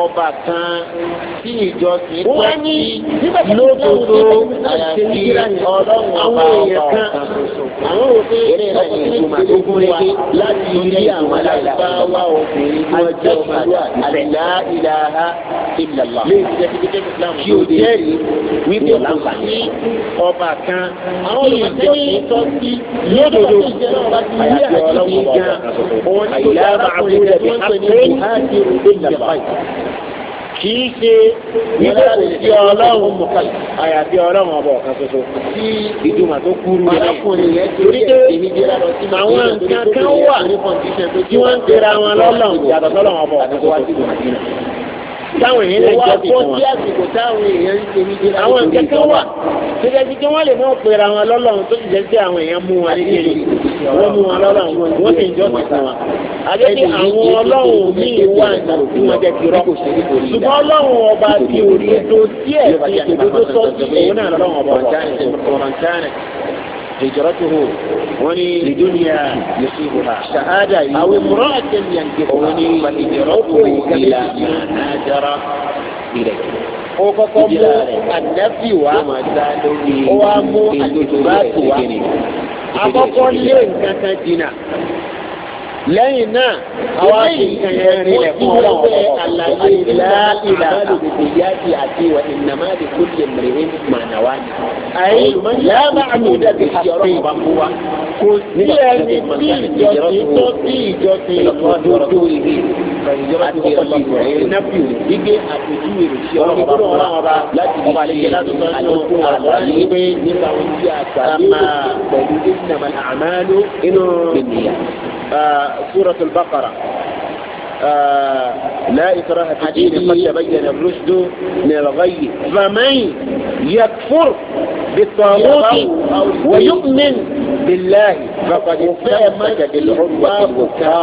ọba kan tí ìjọsìn pẹ́ sí lódodo àyàfi ọlọ́run ọba ọba kan. àwọn òfin eré ìlànà ìtumọ̀ tó gún régé láti rí àwọn aláìláwá obìnrin tí wọ́n jẹ́ ọmọdúnrà àlá ìlàhà ìlàlá. lè jẹ́ kí jẹ́ islam kí o jẹ́rìí wípé kò sí ọba kan tí ìjọsìn tọ́ sí lódodo àyàfi ọlọ́run ọba kan. òun ní kò dára kò lè rẹ̀ bí a pè é ìlàlá kìí ṣe nígbà tó fi ọlọ́run mọ̀kàn àyàfi ọlọ́run ọba ọ̀kan ṣoṣo tí ìdùnnà tó kúrú rẹ̀ torí pé àwọn nǹkan kan wà tí wọ́n ń tẹ̀ra wọn lọ́lọ́run yàtọ̀ sọ́lọ́run ọba ọ̀kan ṣoṣo táwọn èèyàn lè jẹ́ bìkan wọn. wọ́n á kó sí àsìkò táwọn èèyàn ń ṣe níbi àwọn kẹ́kẹ́ wà tó jẹ́ sí kí wọ́n lè mọ̀ pera wọn lọ́lọ́run tó sì jẹ́ sí àwọn èèyàn mú wọn níkiri wọ́n mú wọn lọ́lọ́run wọ́n sì ń jọ́ sí wọn. àbẹ́ ní àwọn ọlọ́run mi wà tí wọ́n jẹ́ ti rọ́ ṣùgbọ́n ọlọ́run ọba ti òdodo díẹ̀ sí òdodo sọ́ọ̀tì òun náà lọ́run ọba ọ̀tá هجرته وني لدنيا يصيبها شهادة أو امرأة ينكحها وني فهجرته إلى ما هاجر إليه ó kọ́kọ́ mú ànábì wá ó wá mú àdìsúrà tó wá lẹ́yìn náà àwọn akẹ́kẹ̀ẹ́ fún ọlọ́wọ́ àlàyé láìlà àbálòbìbìyàtì àti ìwà ìnàmá lè kó lè mìíràn mànàwá ni. àyè yàrá àmúdà ti yọrọ bá mú wa. kò sí ẹni tí ìjọsìn tó bí ìjọsìn ìjọdọdọ ìrì àti ìrọ̀lọ́pọ̀ ìnáfíù gbígbé àpèjúwe rẹ̀ sí ọlọ́wọ́ ọba láti lè ṣe àyọkú àlàyé pé nípa ojú àgbà lérò pẹ̀lú ìnàmà àmàlú inú ènìyàn. آه، سورة البقرة آه لا إكراه في الدين قد تبين الرشد من الغي فمن يكفر بالطاغوت ويؤمن بالله fàkàdé fẹ́ mẹ́tẹ̀dé lọ́wọ́ ká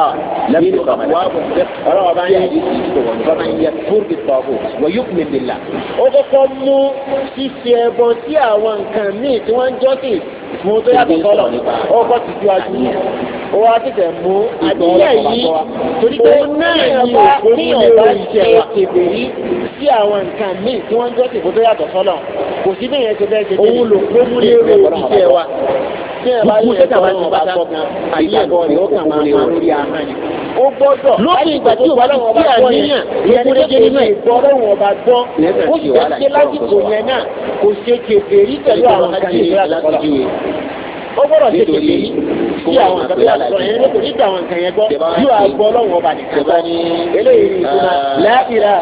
nínú wàhùn tẹ́ ọ̀rọ̀ ọba yẹn yìí bàbá yẹn tóbi tọ́kù wọ́n yóò kún mi la. ó kọ́kọ́ mú ṣíṣe ẹbọ tí àwọn nǹkan míì ti ju ajú ó wá títẹ̀ mú yìí torí pé ní ọ̀dọ́ ìṣe kébè yìí sí àwọn nǹkan míì tí wọ́n ń jọ́sìn fún yàtọ̀ sọ́lọ̀ kò sí bẹ́ẹ̀ yẹn ti bẹ́ẹ̀ ṣe tẹ́lẹ̀ òun lò ó mú lérò ìṣe wa. bí ẹ bá yẹ ẹ bá sọ kan àyẹ̀kọ́ rẹ̀ ó kàn máa ń lórí ahọ́n yìí. ó gbọ́dọ̀ lókè ìgbà tí òbá lọ́wọ́ bá gbọ́ yẹn ìyẹnìkẹ́kẹ́ nínú ìgbọ́ lọ́wọ́ bá gbọ́ ó sì fẹ́ ṣe lásìkò yẹn náà kò ṣe kèfèrí pẹ̀lú àwọn kan ó gbọ́dọ̀ ṣe kèké sí àwọn nǹkan tó yà sọ yẹn nípa nípa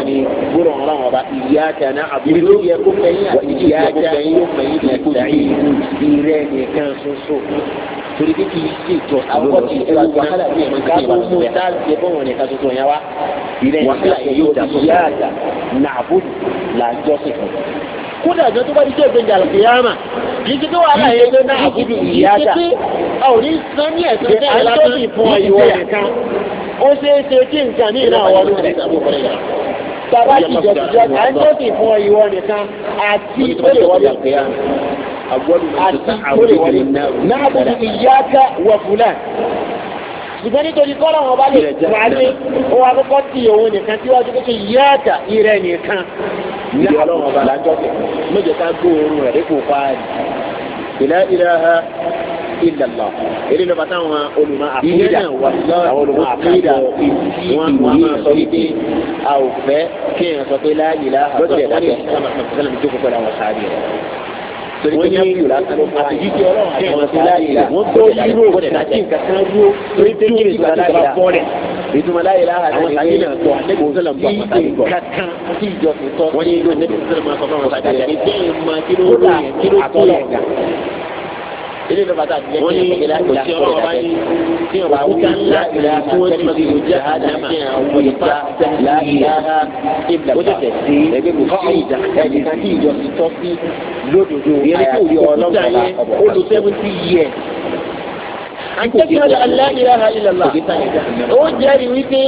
àwọn nǹkan yẹn torí pé kì í ṣe ìjọ àwọn tí ẹ wù wàhálà ní ẹ̀mọ́ kí ìwà tó bẹ̀. káàbù mú táàbù ní ẹ̀ka tuntun yẹn wá. ilé wàhálà yẹn yóò dàtọ̀ yá àgbà nàbùdù là ń jọ́sìn fún. kódà àjọ tó bá di jẹ́ ìgbẹ́jà àlùkìyàmà kì í ṣe pé wàhálà yẹn tó náà àbùdù ìyá àgbà. kì í ṣe pé a ò ní san ní ẹ̀sán bẹ́ẹ̀ lásán ó ṣeé ṣe kí nǹkan ní ìlànà àwọn ọdún rẹ̀ tàbá ìjọ ìjọ àjọ sì fún ìwọ nìkan àti ìpínlẹ̀ wọ́n àti náàbùdù ìyáka wà fúlàn ṣùgbọ́n nítorí kọ́lọ̀ wọn bá lè wà ní ó wà kọ́kọ́ tí òun nìkan tí wọ́n ti kékeré yáàtà ìrẹ́ nìkan. ní ọlọ́run ọba lájọ́ kẹ méje ká gbó oorun rẹ̀ wọ́n ní àtìjíkì ọlọ́run kí wọ́n ti láyé la wọ́n tó yúrò àti nǹkan kan dúró lórí tó kí ìgbà láyé la ìtumọ̀ láyé la àwọn sáyé náà tọ́ àtẹ́kùn sọ́lá ń bá pàtàkì gbọ́ kankan tí ìjọ ti tọ́ wọ́n ní ìlú àtẹ́kùn sọ́lá máa sọ fún àwọn sáyé la ìjẹ́ ìmọ̀ kí ló ilé ìlú bàtà àti lẹ́yìn ìpínlẹ̀ ìlà ìkọlẹ̀ dàbẹ́ tí o bá wí ìlà ìlà àtẹ́tù ìlújà àdàmà ìta láàyè ó tẹ̀tẹ̀ sí ẹgbẹ́ kò sí ìjà ẹni kan tí ìjọ ti tọ́ sí lódodo àyàfi ọlọ́gbọ̀n ọ̀bọ̀ olùsẹ́wìntì yẹ. Àtẹ́kọ̀ọ́ la ilaha illallah. Ó jẹ́rìí wípé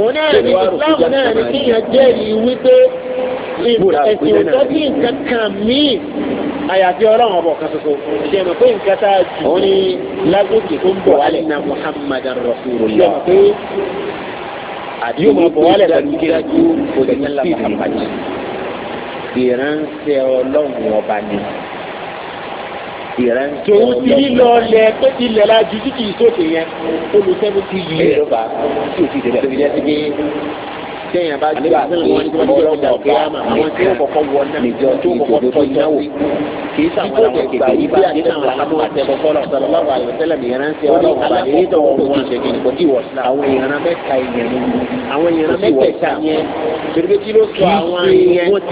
òun náà ní ìsìláàmù náà ní kíyàn jẹ́rìí wípé àyàfi ọlọ́run ọbọ̀ kan ṣoṣo ṣe mọ̀ pé nǹkan tá a jù ó ní lágbókè tó ń bọ̀ wálẹ̀ na muhammadan rasulullah ṣe mọ̀ pé yóò mọ̀ bọ̀ wálẹ̀ pẹ̀lú kíláàjú olùsílà muhammad ìránṣẹ́ ọlọ́run ọba ni ìránṣẹ́ ọlọ́run ọba ni. tòun ti lílọ lẹ pé ilẹ̀ la ju títí ìsókè yẹn olùsẹ́nu ti yí. ẹ ló bá tí o ti dẹ̀ sẹ́yìn bá gbé àti ọlọ́run ọ̀gá àwọn tí ó kọ́kọ́ wọ náà níjọ tó kọ́kọ́ tọ́ iná wò kì í sàwọn àwọn kèké yìí bí àti àwọn àmọ́ àtẹ̀kọ́kọ́lọ̀ sọlọ́wọ́ àyọ̀sẹ́lẹ̀ mìíràn ṣe ọlọ́run ọ̀gá èyí tó wọ́n wọ́n ṣe kí nìkan tí wọ́n sá. àwọn èèyàn mẹ́ta yẹn pèrèbè kí ló sọ àwọn wọn wọn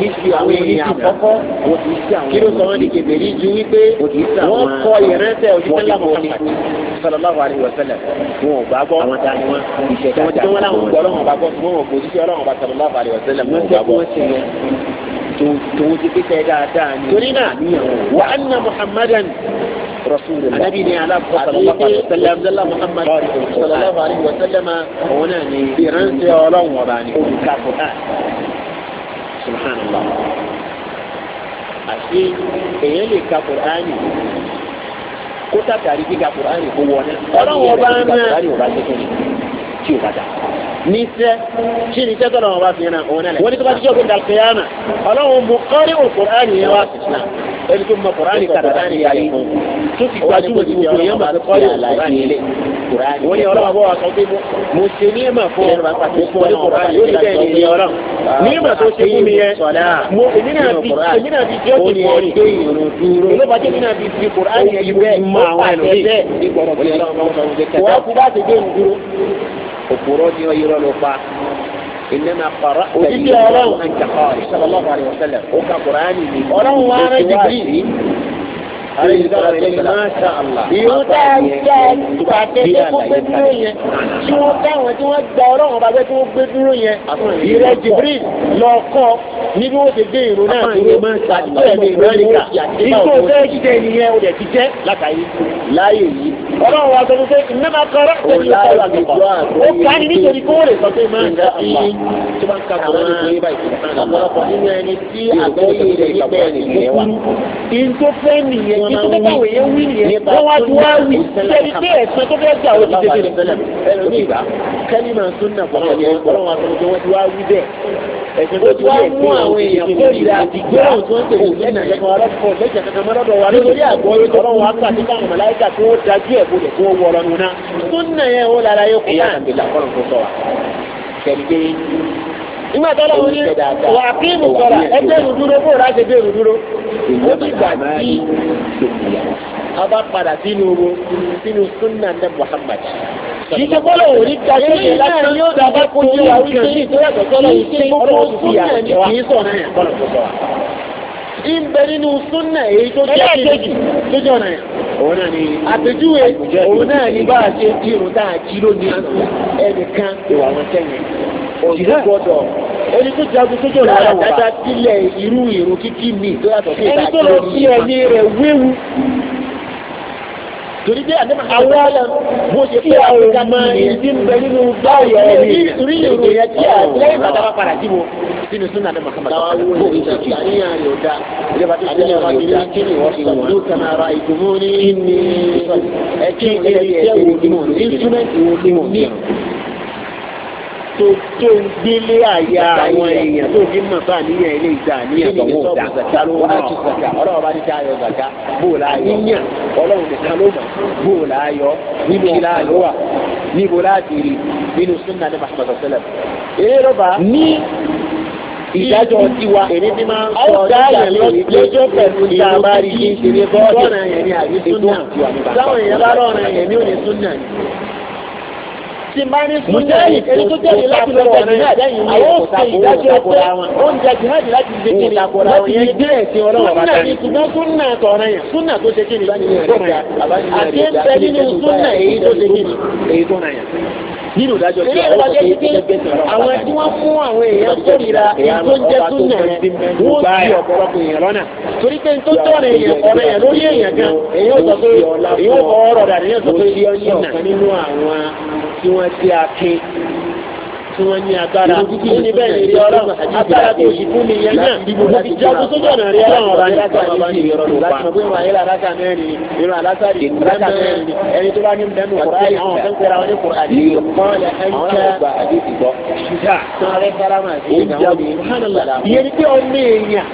ò gbàgbọ́ àwọn ta ni ọlọ́run bá sọ̀rọ̀ lọ́wọ́ àlè ọ̀sẹ̀ lẹ́mú ìgbàgbọ́. tòun ti fi tẹ̀ dáadáa ni. torí náà wà á nà muhammadan rasulillah. anabi ni aláàbò sallallahu alayhi wa sallam sallallahu muhammad sallallahu alayhi wa sallam òun náà ni. ìrántí ọlọ́run ọba ni. olùkàkùn náà subhanallah àti èèyàn lè ka kùránì kó tàtàrí kíka kùránì kó wọ náà. ọlọ́run ọba náà tí o bá dà ní sẹ́ tí ní sẹ́ tọ́lọ̀ wọn bá fi yẹn náà wọ́n ní tó bá ti jọ́ gbẹ̀dà kẹyàmà ọlọ́run mú kọ́rí òkùnrin yẹn wá sí náà ẹni tó mọ kùránì kàdàdà ní ayé tó ti gbájú mọ̀ sí gbogbo yẹn máa fi kọ́rí òkùnrin yẹn lé wọ́n ní ọlọ́run àbọ̀ wa sọ pé mo ṣe ní ẹ̀mà fún ọkùnrin ní kùránì yóò dẹ̀ ní ìyẹn ọlọ́run ní ẹ̀mà tó ṣe fún mi yẹn mo èmi náà fi èmi náà fi jẹ́ òkè mọ́ ni èmi bá jẹ́ èmi náà fi fi kùránì yẹn yí bẹ́ẹ̀ mọ àwọn ẹ̀lòmíì wọ́n kú bá ti gbé ìrùn dúró òpùrọ́ ni ọ yọrọ ló pa ìnáma kọ́ra ó ti di ọlọ́run àǹtakọ́ ìṣàlọ́lọ́ọ̀ àlẹ́ wọ́sẹ̀lẹ̀ ó ka kùránì ni ó ti wá sí ìwọ́n tá a gbà ìpàtẹ́jẹ́ kó gbé dúró yẹn tí wọ́n táwọn tí wọ́n gba ọ̀rọ̀ wọn bàbá tí wọ́n gbé dúró yẹn ìrẹ́ Jibril lọ kọ́ ní bí wọ́n ti gbé ìró náà dúró àtúntẹ̀lé ìrọ́lìkà ìgbó fẹ́ jíjẹ nìyẹn o dẹ̀ ti jẹ́ látàyè ọ̀rọ̀ nítorí báwo yẹn wí nìyẹn wọ́n wá tí wọ́n wí sẹ́ni pé ẹ̀sán tó fẹ́ gbà ó ti tètè rẹ̀. kẹ́lí máa sún náà pọ̀ ní ọ̀rọ̀ wa sọ̀rọ̀ pé wọ́n ti wá wí bẹ́ẹ̀. ẹ̀sán tó ti wá mú àwọn èèyàn kó ìlà àdìgbòràn tó ń tètè lẹ́nu ẹ̀kọ́ ọlọ́pọ̀ lẹ́jẹ̀ kankan mọ́dọ̀ wa lórí àgọ́ ọlọ́run wa pàṣẹ káwọn mọ̀láyíkà tó dájú ẹ̀ bolẹ̀ tó wọ ọlọ́run náà. sún náà yẹn ó lára yóò kó nígbà tó lọ́wọ́ ní wà kí mú sọ́ra ẹgbẹ́ ìrùdúró bó rà ṣe gbé ìrùdúró ó ti gbà tí a bá padà sínú owó sínú súnà ní Muhammad. kì í ṣe bọ́lá òun ní kàṣẹ́ yìí láti ní ó dàbá kó ní wa wípé ní ìtọ́yàtọ̀ sọ́lá yìí ṣe ọ̀rọ̀ súnà ní kì í sọ̀rọ̀ yẹn bọ́lá tó sọ wa. ìbẹ̀ nínú súnà èyí tó jẹ́ kejì tó jẹ́ ọ̀nà yẹn. òun náà ni àpèjúwe òun náà ni bá a ṣe kírun tá a kí lónìí ẹnìkan ìwà wọn sẹ́yìn òjò gbọdọ̀ ẹni tó jagun sójú ọ̀nà àwọn ọ̀tá sílẹ̀ irú ìrù kíkí mi tó yàtọ̀ sí ìdájọ́ ẹni tó lọ sí ẹni rẹ̀ wéwu torí bí àwọn ọ̀la mo ṣe pé àfíríkà máa ń dín bẹ nínú báyọ̀ rí ìròyìn yẹn tí àtìlẹ́yìn bàtà bá padà sí wo sínú súnà ní mọ̀kànlá tó kọ́ bó ṣe kí. àníyàn yóò dá àníyàn yóò dá kí ni wọ́n sọ ló kàn ara ìdùnnú ní ní ẹ̀kí ẹ̀yẹ ẹ̀yẹ ìdùnnú ní súnà ìwọ̀n ní tó tó ń gbélé àyà àwọn èèyàn tó fi mọ̀ bá níyàn ilé ìgbà níyàn tó wọ́n dà zaka ló wọ́n ti zaka ọlọ́run bá ní ká yọ zaka bó la yọ níyàn ọlọ́run nìkan ló mọ̀ bó la yọ níbo la yọ wà níbo la dìrì nínú sunna ní mahamadu sallam. èyí ló bá ní ìdájọ́ tiwa èmi ti máa ń sọ dáyàn lójó pẹ̀lú ìjàmbá rí kí n ṣe ní bọ́ọ̀lù lọ́rọ̀ yẹn ní àbí sunna táwọn èèyàn bá lọ́rọ̀ yẹn ní òní sunna ni tí máa ní sunjẹ ẹni tó jẹ́ láti lọ bẹ̀ jìnnà àdáyìn ní àwọn òfin ìdájọ́ pé oúnjẹ jihadi láti ṣe kiri láti ṣe gbé ẹ̀sìn ọlọ́wọ́ bá tẹ̀lé. súnà tọ̀rọ̀ yẹn súnà tó ṣe kiri àti ń bẹ nínú súnà èyí tó ṣe kiri. nínú ìdájọ́ tí àwọn ọ̀sẹ̀ ti gbé sọ̀rọ̀ àwọn tí wọ́n fún àwọn èèyàn sórira èyí tó ń jẹ́ súnà yẹn wọ́n ti ọ̀pọ̀lọpọ̀ èèyàn lọ́nà torí pé tí wọ́n ti akin tí wọ́n ní agbára ó ní bẹ́ẹ̀ ní rí ọlọ́run agbára tó yìí fún mi yẹn náà mo fi jagun sójú ọ̀nà rí ọlọ́run ọba ní ọba ní ìrọ̀rùn ọba láti mọ̀ pé wọ́n ayé làdáka mẹ́rin nínú alásàdì làdáka mẹ́rin ẹni tó bá ní bẹ́ẹ̀ nù kùráì àwọn ọ̀fẹ́ pẹ̀lú àwọn oníkùrọ̀ àdìyí kọ́lẹ̀ ẹ̀ńkà ṣùgbà sọ̀rọ̀ karama ìyẹn ni pé ọmọ èèyàn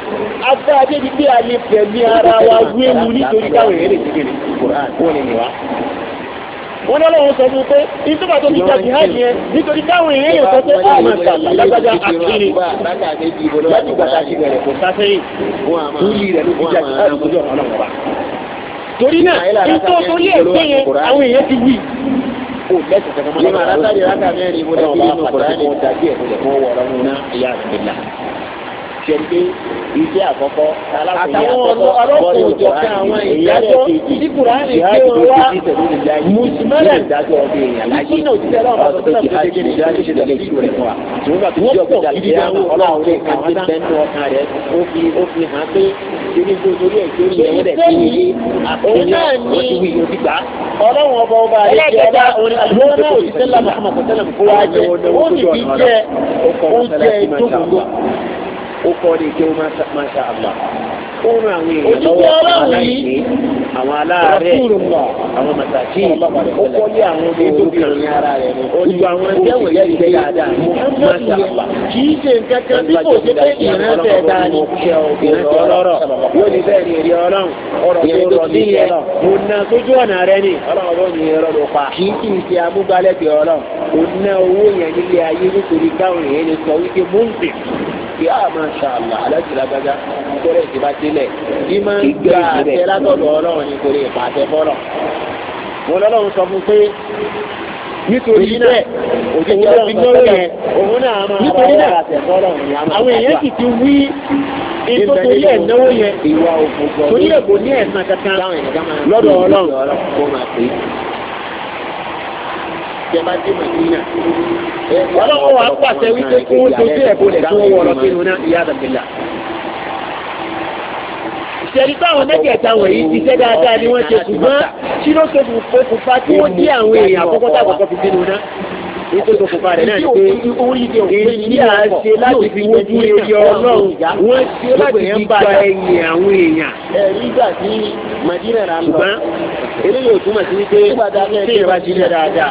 afẹ́ adébíbí alẹ́ pẹ̀lú ara wa wéwu nítorí káwọn èèyàn lè ti kéde kùráì wọ́n ní ọlọ́run sọ fún pé ìtọ́bà tó ti jà jihad yẹn nítorí káwọn èèyàn yóò sọ pé ọmọ ah, ìsàlá lágbájá àkiri láti gbàtà rẹ̀ kò sáfẹ́yìn lórí rẹ̀ ló ti jà jihad ọ̀nà ọ̀pá torí náà ìtọ́ torí ẹ̀gbẹ́ yẹn àwọn èèyàn ti wí Ìmọ̀ àtàrí rákà mẹ́rin mo ṣe pé iṣẹ́ àkọ́kọ́ àtàwọn ọ̀nà ọlọ́kùnrin òjò kan àwọn ìdájọ́ tí kùránì gbé wọn wá mùsùlùmẹ́lẹ̀ ìdájọ́ ọdún èèyàn láyé ìṣúná òṣìṣẹ́ ọlọ́run ọ̀sán tó ti ṣe kéde ìdájọ́ ìṣẹ̀lẹ̀ ìṣú rẹ̀ fún wa. wọ́n pọ̀ gidi gan ọlọ́run rẹ̀ kan ti bẹ́ẹ̀nu ọkàn rẹ̀ ó fi ó fi hàn pé ṣẹ́ni tó torí ẹ̀ ṣe ń yẹn rẹ̀ fi yé àkóyán ó ti wí ó ti gbà. ọlọ́run ọba ọba rẹ̀ jẹ́ ọlá orin àlùfáà òṣìṣẹ́ lábàámọ̀ kọ́tẹ́lẹ̀ fún wa jẹ́ ó ní kí jẹ́ ó jẹ́ ìjókòó ó kọ́ ní kí ó máa ṣe àgbà ó ràn àwọn èèyàn lọ́wọ́ àwọn aláìní àwọn aláàárẹ̀ àwọn màtàkì ó kọ́ ní àwọn olóògùn ìgbà àwọn ẹgbẹ́wọ̀n yẹn ṣe dáadáa máa ṣe àgbà. kì í ṣe nǹkan kan bí kò ṣe pé ìran fẹ́ dáa ni ìrántí ọlọ́rọ̀ yóò ní bẹ́ẹ̀ ni èrè ọlọ́run ọ̀rọ̀ yẹn rọ̀ ní yẹn mo ná sójú ọ̀nà rẹ ni ọlọ́run ní ẹ̀rọ ló pa kì í kì í ṣe amúgbálẹ́gbẹ̀ẹ́ ọlọ́run mo ná owó yẹn nílé ayé nítorí káwọn èèyàn lè sọ wípé mo ń bẹ̀ pé a máa ṣe àlà alájùlágbájá kúrẹ́ ìdìbà délẹ̀ bí máa ń gba àtẹ látọ̀dọ̀ ọlọ́run ní kórè ìpàtẹ fọ́lọ̀. mo lọ́lọ́run sọ fún pé nítorí náà òjijì ọlọ́run yẹn òun náà máa nítorí náà àwọn èèyàn sì ti wí nítorí ẹ̀ náwó yẹn torí ẹ̀ kò ní ẹ̀sán kankan lọ́dọ̀ ọlọ́run tẹ bá dé màdínà. ọlọ́wọ́ wa pàṣẹ wípé kí wọ́n dojú ẹ̀ bolẹ̀ tí wọ́n wọ̀rọ̀ sínú náà ìyá àdàbìlà. ìṣẹ̀lú táwọn mẹ́tẹ̀ẹ̀ta wọ̀nyí ti ṣe dáadáa ni wọ́n ṣe ṣùgbọ́n kí ló ṣe fòfòfà tí wọ́n dí àwọn èèyàn àkọ́kọ́ tàbọ̀kọ́ fi sínú náà nítorí kò parẹ̀ náà pé èyí à ń ṣe láti fi wojú ẹyẹ ọlọ́run wọ́n ṣe láti fi gba ẹyìn àwọn èèyàn. nígbà tí Madina ra lọ ṣùgbọ́n eléyìí ò túmọ̀ sí wípé tí ìrora ti lẹ̀ dáadáa.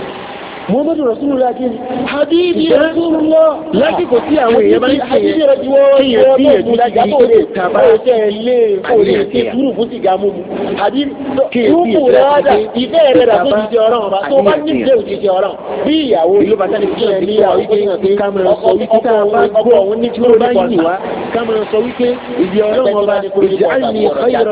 Muhammadu Rasulullah kí Habibi Rasulullah lásìkò tí àwọn èèyàn bá ń ṣe yẹn kí èèyàn bí èèyàn lájá kó lè tàbá ọjọ́ ilé kó lè ti kúrù fún sìgá múmu. Habibi rúkù rádà ìfẹ́ rẹ̀ rà tó jíjẹ ọ̀rọ̀ ọba tó bá ní ìfẹ́ òjíjẹ ọ̀rọ̀ bí ìyàwó ló bá sáré sí ẹni àwọn ìgbé hàn pé kámẹ́rà sọ wípé tá a bá gbọ́ òun ní tí ó bá yìí wá kámẹ́rà sọ wípé ìdí ọ̀rọ̀ ọba ìjọ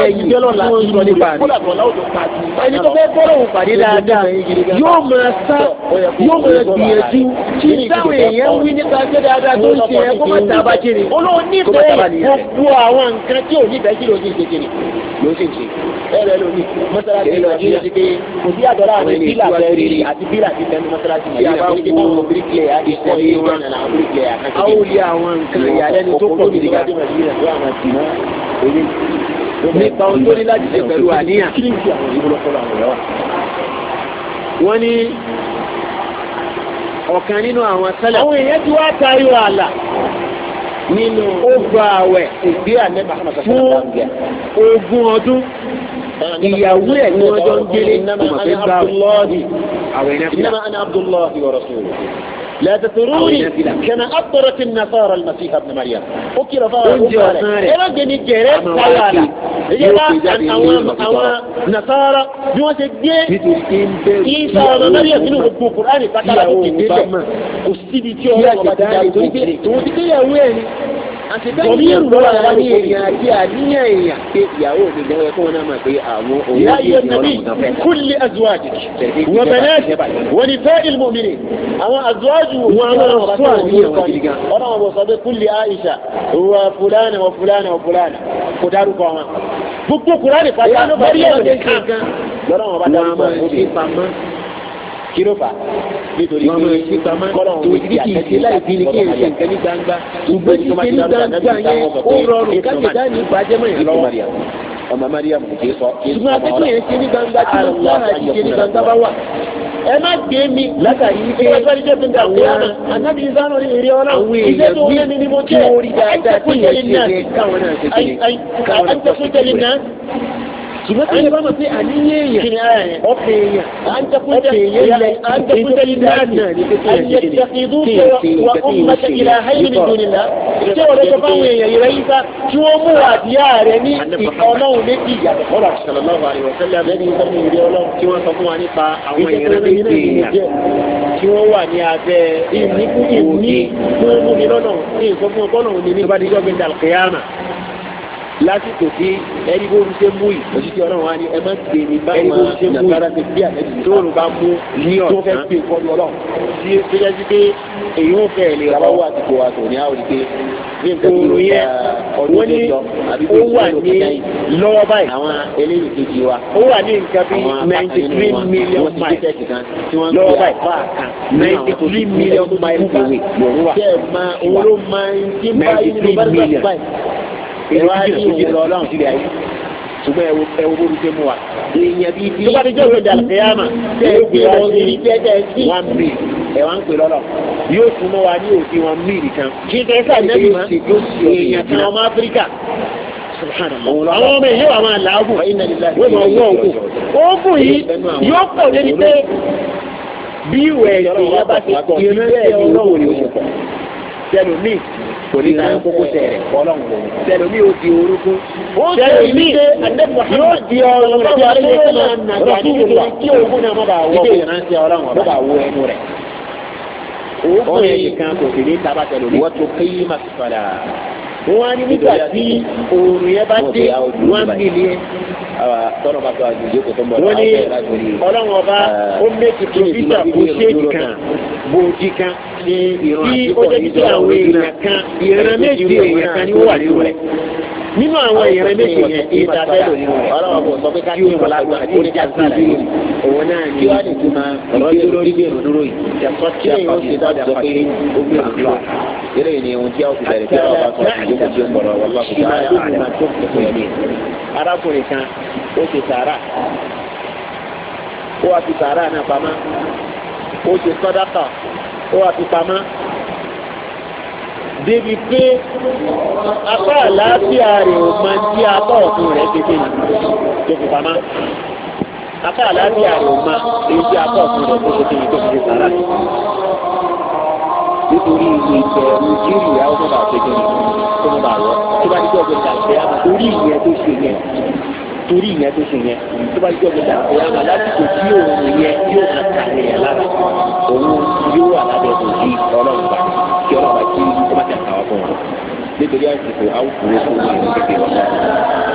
ẹ̀yìn tí ọlọ́run láti sọ nípa rẹ̀. ẹni tó fẹ́ bọ́lọ̀hùn pàdé dáadáa yóò máa sá yóò máa gbìyànjú kí táwọn èèyàn wí nípa ṣé dáadáa tó ń ṣe ẹ kó má ta bá kiri. olóhùn nífẹ̀ẹ́ gbogbo àwọn nǹkan tí ò nífẹ̀ẹ́ kí ló ti ṣe kiri ló ṣe ṣe. bẹ́ẹ̀ lómi mọ́sálásí lọ sí ti pé kò sí àtọ́ láàrin bílà fẹ́ẹ́rì àti bílà ti fẹ́ẹ́ mọ́sálásí yìí. ìyá bá wo bíríkìlẹ̀yà ìṣẹ̀lẹ̀ ìwọ̀n náà nípa ohun tó ní láti ṣe pẹ̀lú àníyàn. wọ́n ní ọ̀kan nínú àwọn sẹ́lẹ̀. àwọn èèyàn ti wá tayọ ààlà nínú ogun àwẹ̀ fún ogún ọdún ìyàwó ẹ̀ ni wọ́n ń gbélé ọmọ fẹ́ gbà wọ́n. ìnáma ana Abdullahi wa rasuluhu. لا تسروني كما أطرت النصارى المسيح ابن مريم أكرا فارغ إذا جني جريت حوالا إذا أن أوا نصارى جوة جي إيسا ابن مريم منه قرآن فكرة أكتب أستيدي تيوه وبدأ تيوه يا يا النبي كل أزواجك وبنات ونساء المؤمنين أما أزواج وأما أصوان أنا وصدق كل عائشة وفلانة وفلانة وفلانة كدارك وما فكوا kùránì pàtàkì ló bá rí ẹ̀rọ nìkan kí ló fà á nítorí pé kọ́lọ̀ tó ti àtẹ̀tẹ̀ láì fi ní kí n ṣe nǹkan ní gbangba ṣùgbọ́n ní ṣe ní gbangba yẹn ó rọrùn kájọ̀dá ní ìbàjẹ́ mọ̀ yẹn lọ́wọ́ ọmọ mariam kì í sọ. ṣùgbọ́n akẹ́kọ̀ọ́ yẹn ṣe ní gbangba tí wọ́n lára ti ṣe ní gbangba bá wà. ẹ má gbé mi. látàrí wípé àwọn anábì sanu ní ìrírí ọ̀nà iṣẹ́ tó wọlé mi ni mo jẹ́ àìsàn kúnjẹ́lì náà àìsàn kúnjẹ́lì náà ṣùgbọ́n tí ìbá mọ̀ pé àníyàn èèyàn ọ̀fẹ́ èèyàn àǹtẹ̀kùnjẹ́ ilẹ̀ àǹtẹ̀kùnjẹ́ ilẹ̀ Tí wọ́n wà ní abẹ́ ìníkú ìní fún múmi lọ́nà ní ìsọ́fún ọgbọ́nà òní ní ìbádíjọ́ gbẹ̀dẹ̀ alkiyama lásìkò tí ẹni bó ń ṣe mú yìí òṣìṣẹ́ ọlọ́run wa ni ẹ má gbé ní báwọn ẹni bó ń ṣe mú yìí bí àlejò tó ń bá mú ní ọ̀sán tó fẹ́ gbé kọ́ni ọlọ́run tí ó jẹ́ sí pé èyí ń fẹ́ lè rárá wà àsìkò àtò ní àwọn òdìgbé oòrùn yẹn wọ́n ní ó wà ní lọ́wọ́ báyìí àwọn eléyìí kejì wa ó wà ní nǹkan bí ninety three million miles lọ́wọ́ báyìí ninety three million miles èyí wá ní one ń pè lọ́lọ́ yóò fún mọ́ wa ní òdi wọn mil kan. kí nẹ́bí ma èèyàn kan ọmọ áfíríkà àwọn ọmọ èyí máa làágùn yóò máa wọ ògùn ògùn yìí yóò pọ̀ lórí pé bí ìwẹ̀ ẹ̀yọ́ bá ti kí ẹ torí kan kókó tẹ̀rẹ̀ ọlọ́run lòun. sẹlẹmi o di orúkú. o sẹlẹmi yóò di ọrùn rẹ tí a lè máa nà tó a ní ìlú tí òògùn náà má bàa wọ bó ìrántí ọlọ́run ọba bàa wọ ẹnu rẹ. òògùn yẹn kan kò sì ní tabatẹ lórí. wọ́n tó kéyìí má fi sọ̀rọ̀ wọ́n á ní nígbà tí òòrùn yẹn bá dé wọ́n á mìlí ẹ. wọ́n ní ọlọ́run ọba ah, ó méjì tó bíjà bó ṣéèdì kan bòójì kan tí ó jẹ́ títí àwọn èèyàn kan ìran méjì èèyàn kan ni ó wà nínú rẹ̀ nínú àwọn ìran méjì yẹn ìdàbẹ́ tí ó wọlá gba oníjà sílẹ̀ òun náà ni ìgbé lórí bí ìrònúró yìí ẹ̀kọ́ tí èèyàn ó ṣe dáadáa pàṣẹ ó gbé ìrònúró eré ni ohun tí a ó fi bẹ̀rẹ̀ tí a ó bá sọ̀rọ̀ àdúgbò tí ó pọ̀rọ̀ wọn lọ́kùn arákùnrin kan ó ṣe sàárà ó wá fi sàárà náà pamọ́ ó ṣe sọ́dátà ó wá fi pamọ́ débi pé apá àlàáfíà rẹ̀ ò máa tí apá ọ̀tún rẹ̀ kéde tó fi pamọ́ apá àlàáfíà rẹ̀ ò máa èyí tí apá ọ̀tún rẹ̀ tó tó fi sàárà nítorí ìbẹ̀rù jírí ìyá ọmọ bàá tẹ́jọ́ ní kó mọ́ bàá rọ tó bá dídọ́ ọ̀gbẹ́ dàgbẹ́ àmọ́ torí ìyẹn tó ṣe yẹn torí ìyẹn tó ṣe yẹn tó bá dídọ́ ọ̀gbẹ́ dàgbẹ́ àmọ́ lásìkò tí òun yẹn yóò máa ta ẹ̀yà lára òun yóò wà kò sí ọlọ́run bá kí ọlọ́run bá kí ó má tẹ̀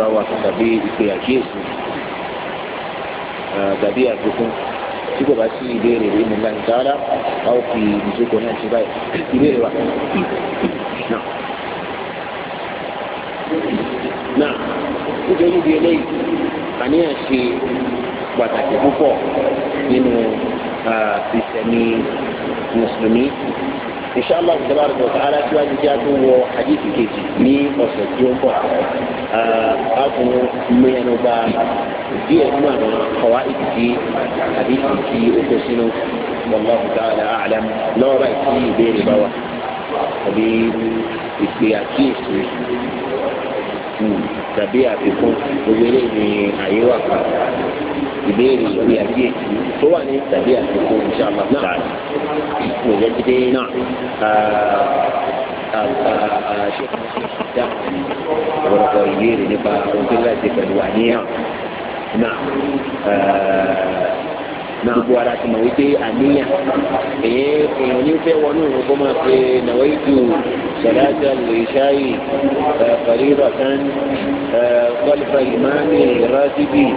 bá wà tàbí ìpè àkíyèsí eh, tàbí àfikún tí kò bá sí ìbéèrè rẹ̀ ní ìlànà tààrà a ó fi ìjókòó náà ṣe báyìí ìbéèrè wa. náà nítorí bí eléyìí àníyàn ṣe pàtàkì púpọ̀ nínú eh, ìsẹ̀mí mùsùlùmí. إن شاء الله تبارك وتعالى سواء جاته حديث كيس ني وصف يوم بوحة أبو ميانو با دي أجمعنا قوائد في حديث في أكسنو والله تعالى أعلم لا رأي في بين بوا حبيب كيس تبيع بكم ويلي من أيوة ìbéèrè lórí àbí èsì tó wà ní tàbí àsìkò ìṣàlá náà mo yẹ ti dé náà ṣe dá ọ̀pọ̀lọpọ̀ ìbéèrè nípa ohun tó láti pẹ̀lú àníyàn náà gbogbo ara ti mọ̀ wípé àníyàn èèyàn ní fẹ́ wọnú ìrùkọ́ máa fi nàwó ìdù. صلاة العشاء قريبة آه، آه، خلف إمام راتب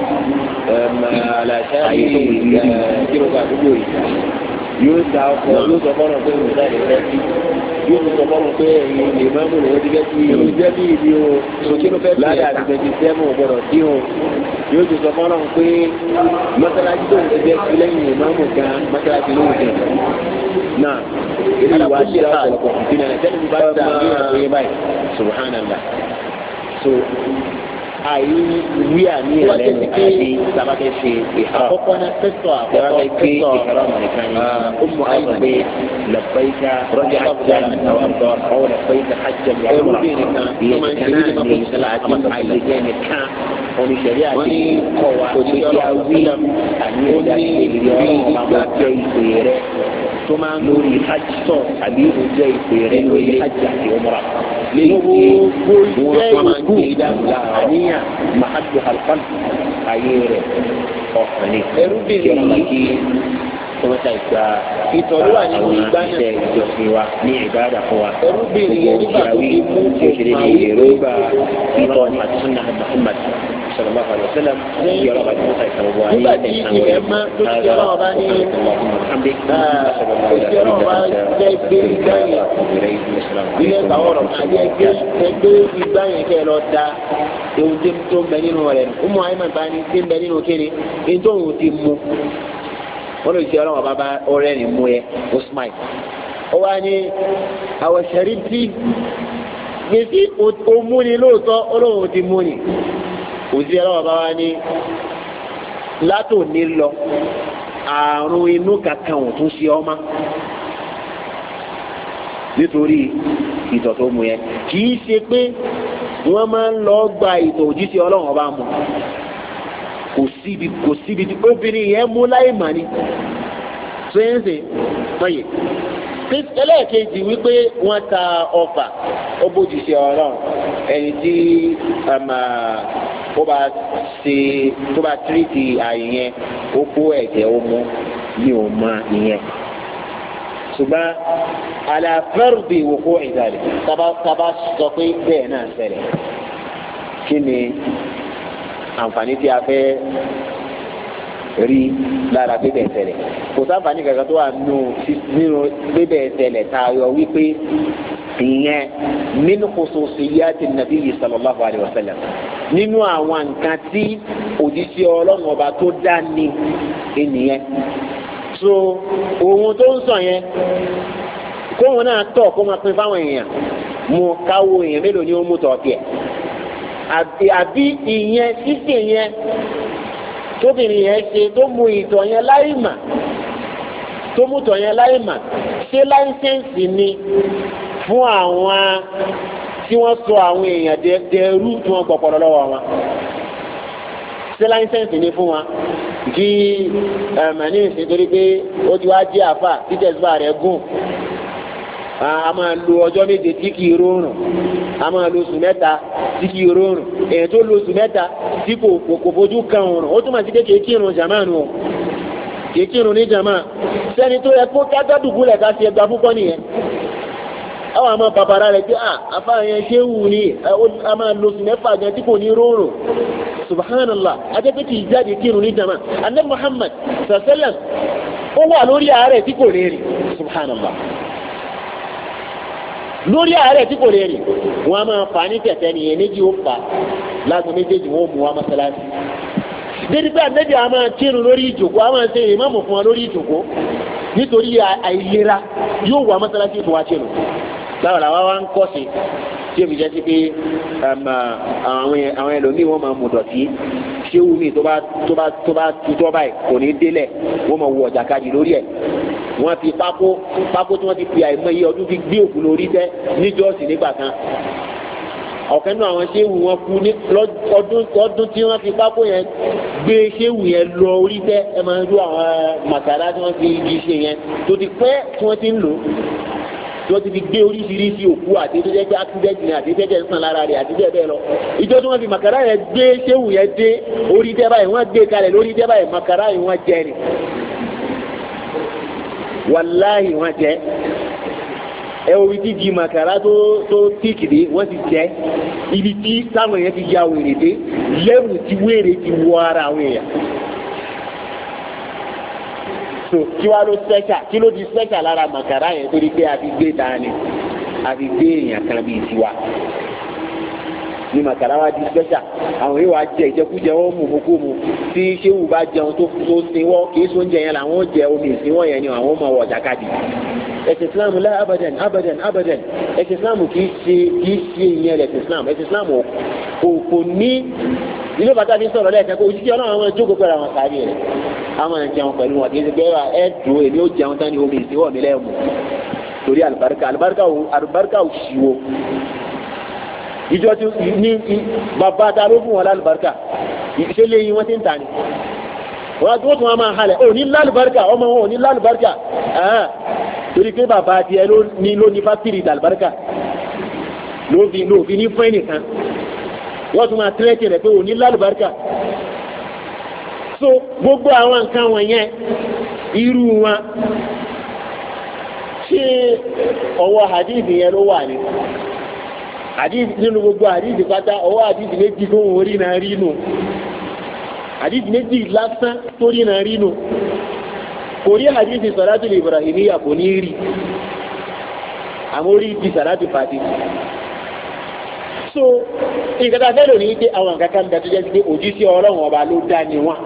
على شاي كيلو وجوه yóò da ọkọ yóò sọ fọ́nà pé òun náà lè fẹ́ sí yóò tún sọ fọ́nà pé ẹ̀yin lè máa mú lòun ti fẹ́ sí ìlú jẹ́bí ìlú o ládàá ti fẹ́ sí sẹ́mù gbọ́dọ̀ sí o yóò tún sọ fọ́nà pé mọ́sálásí tó ń ti fẹ́ sí lẹ́yìn lè máa mú gan mọ́sálásí ló ń jẹ náà ilé ìwà ṣe ra ọ̀pọ̀lọpọ̀ ìdí náà tẹ́lifí bá ti dà ní yẹn báyìí subhanallah so àyè ìwé àmì rẹ̀ lẹ́nu àti sábàkẹ́ ṣe ìhàrọ̀. àkọ́kọ́ náà tẹ́sọ̀ àkọ́kọ́ tẹ́sọ̀ ìhàrọ̀ nìkan ni ó mú àyè pé lọ́pẹ́ẹ́ta rọ́jà àjà àwọ̀tọ̀ ọ̀hún lọ́pẹ́ẹ́ta àjà ìyàwó rẹ̀ ìyẹn nìkan oníṣẹ̀lẹ̀ àti kọ̀wá oníṣẹ̀lẹ̀ àwí àní ìdájọ́ ìgbà jẹ́ ìpè rẹ̀ tó máa ń lórí hajj sọ àbí ìjẹ́ ìpè rẹ̀ lórí hajj àti umrah. léyìí tí wọ́n tó máa ń gbé dáhùn lára níyà màhàdù àlùfáàlù ayé rẹ̀ ọ̀kan ni. ẹrú bèrè yìí tọ́wọ́tà ìgbà ìtọ́jú wà nínú ìgbà náà iṣẹ́ ìjọsìn wa ní ìbáradà fún wa. ẹrú bèrè yìí nígbà tó fi mú ìṣẹ̀lẹ̀ ní èrò ìgbà ìtọ́ni àti sunnah Muhammad sọ̀rọ̀ máa fà lọ sílẹ̀ ní ọ̀rọ̀ bá ti mú àìsàn wọ ayé àìsàn rẹ̀ mọ́ lókè náà bá ní lókè náà bá jẹ́ gbé igbá yẹn ilé ìbáwọ̀ rọ̀ máa jẹ́ gbé ẹgbẹ́ igbá yẹn òsì ọlọ́wọ́ bá wá ní látòní lọ àrùn inú kankan ò tún ṣe ọmọ nítorí ìtọ̀ tó mu yẹn kì í ṣe pé wọ́n máa ń lọ gba ìtọ̀ òjíṣẹ́ ọlọ́run ọba mu kò síbi kò síbi tí obìnrin yẹn mú láì mà ní sẹ́yìnsì mọ̀yè ẹlẹ́ẹ̀kejì wípé wọ́n ta ọfà ó bójú ṣe ọlọ́run ẹni tí um, bó bá ṣe tó bá tírìtì àyè yẹn ó kó ẹ̀jẹ̀ ó mú mi ò mọ ìyẹn ṣùgbọ́n aláfẹ́rùbì wò kó ìdàlẹ̀ tábà sọ pé bẹ́ẹ̀ náà ṣẹlẹ̀ kí ni àǹfààní tí a fẹ́ rí lára bíbẹ̀ ṣẹlẹ̀ kò sáǹfààní kankan tó wà nínú bíbẹ̀ ṣẹlẹ̀ tayọ wípé ìyẹn nínú khususiyyati nàbí sallallahu alayhi wa sallam nínú àwọn nǹkan tí òjíṣẹ́ ọlọ́run ọba tó dá ní ènìyàn so ohun tó ń sọ yẹn kóhun náà tọ̀ kó máa pín fáwọn èèyàn mo káwo èèyàn mélòó ni ó mú tọ̀ tiẹ̀ àbí ìyẹn sísè yẹn tóbìnrin yẹn ṣe tó mu ìtọ̀ yẹn láì mà tó mú tọ̀ yẹn láì mà ṣé láìsẹ̀nsì ni fún àwọn tí wọ́n sọ àwọn èèyàn dẹrú tí wọ́n gbọ̀pọ̀ lọ́wọ́ wọn ṣé láńsẹ̀nsì ni fún wọn kí ẹ̀mẹ̀ní nítorí pé ó ti wá jẹ́ àfà títẹ̀síwá rẹ̀ gùn a máa lo ọjọ́ méje tí kì í rọrùn a máa lo oṣù mẹ́ta tí kì í rọrùn èyàn tó lo oṣù mẹ́ta tí kò kò fojú kan òrùn ó túmọ̀ sí pé kì í kírun jàmá nù kì í kírun ní jàmá sẹ́ni tó yẹ kó kájọ́ dùbúlẹ̀ ká ṣe ẹgbàá púpọ̀ nìyẹn àwọn àmọ́ bàbára rẹ̀ pé àfáàyàn ṣé wù ní a máa lo sùn mẹ́fà gan tí kò ní rọrùn subhanallah ajẹ́pẹ́ kì í jáde kírun ní jama alẹ́ muhammad sallam ó wà lórí ààrẹ tí kò rẹ̀ rí subhanallah lórí ààrẹ tí kò lè rìn wọn a máa fà á ní tẹ̀tẹ̀ nìyẹn méjì ó fà lágbo méjèèjì wọn ò mú wa mọ́sálásí dédé pé àtẹ́jọ́ a máa kírun lórí ìjòkó a máa ṣe ìmáàmù fún wa lórí ìjòkó nítorí àìlera yóò wà mọ́sálásí fún wa kírun báwo làwa wá ń kọ́ sí tí o fi jẹ́ sí pé um, àwọn ẹlòmíì wọ́n máa mú dọ̀tí tí ó wù mí tó bá tó bá tó bá tutọ́ báyìí kò ní délẹ̀ wọ́n máa wọ ọ̀jà kájì lórí ẹ̀ wọ́n fi pákó pákó tí wọ́n ti fi àìmọye ọdún fi gbé òkú lórí tẹ́ níjọ́sìn nígbà kan ọ̀kan náà àwọn ṣéwù wọn kú ní ọdún tí wọ́n fi pákó yẹn gbé ṣéwù yẹn lọ orí tẹ́ ẹ máa ń lo àwọn màsàlá tí wọ́n fi igi ṣe yẹn tó ti pẹ́ tí wọ́n ti ń lò tí wọ́n ti fi gbé oríṣiríṣi òkú àti tó jẹ́ pé accident ni àti jẹ́jẹ́ ń sàn lára rẹ̀ àti bẹ́ẹ̀ bẹ́ẹ̀ lọ. ìjọ tí wọ́n fi màkàrà yẹn gbé ṣéwù yẹn dé orí dẹ́bà yẹn wọ́n gbé kalẹ̀ lórí dẹ́bà yẹn màkàrà yẹn wọ́n jẹ ni. wàláhì wọ́n jẹ ẹ wo ibi di màkàrà tó tó tíìkì dé wọ́n ti jẹ ibi tí táwọn yẹn ti ya wèrè dé lẹ́wù ti wèrè ti wọ ara àwọn èèyàn so kí wàá ló special kí ló di special lára màkàrà yẹn torí pé a fi gbé dání a fi gbé èèyàn kan bíi tiwa Ni màkàrà wa di special àwọn yìí wà á jẹ ìjẹkújẹ wọn mú mú kú mu tí sẹ́wù bá jẹun tó tó sin wọ́n kì í sún jẹ yẹn làwọn jẹ omi ìsìn wọ́n yẹn ni àwọn ọmọ wọ̀ jàkadì ẹ̀sìn islam la abadan abadan abadan ẹ̀sìn islam kì í ṣe kì í ṣe ìyẹn ẹ̀sìn islam ẹ̀sìn islam kò kò ní ilé bàtà fi sọ̀rọ̀ lẹ́ẹ̀kan kó òjijì ọlọ́run àwọn ẹjọ́ gbogbo àwọn sáré rẹ̀ àwọn ẹ̀ jẹun pẹ̀lú wọn kì í ṣe pé ẹ dùn èmi ó jẹun tán ní omi ìsìn wọ̀ mi lẹ́ẹ̀mú torí àlùbáríkà àlùbáríkà ò àlùbáríkà ò ṣìwò ìjọ tí ní bàbá ta ló fún wọn lálùbáríkà ṣe lè yí wọ́n ti ń tà ní wọ́n tó tún wọn máa halẹ̀ ò ní lálùbáríkà ọmọ wọn ò ní lálùbáríkà ẹ̀hán torí pé bàbá tiẹ̀ ní ló ní fásitì lálùbáríkà lófin lófin ní fún ẹnìkan wọ́n tún máa tẹ́lẹ̀tì rẹ̀ pé ò ní lálùbáríkà so gbogbo àwọn nǹkan wọ̀nyẹn irú wọn ṣé ọwọ́ hadith yẹn ló wà ní àdíjì nínú gbogbo àdíjì pátá ọwọ́ àdíjì méjì tó ń rí náà rí nù àdíjì méjì lásán tó rí náà rí nù kò rí àdíjì sàlátùl Ibrahimiyya kò ní rí àmórí ti sàlátù fàtí so nǹkan tá a fẹ́ lò ní pé àwọn nǹkan kan bẹ̀rẹ̀ tó jẹ́ pé òjíṣẹ́ ọlọ́run ọba ló dá ni wọ́n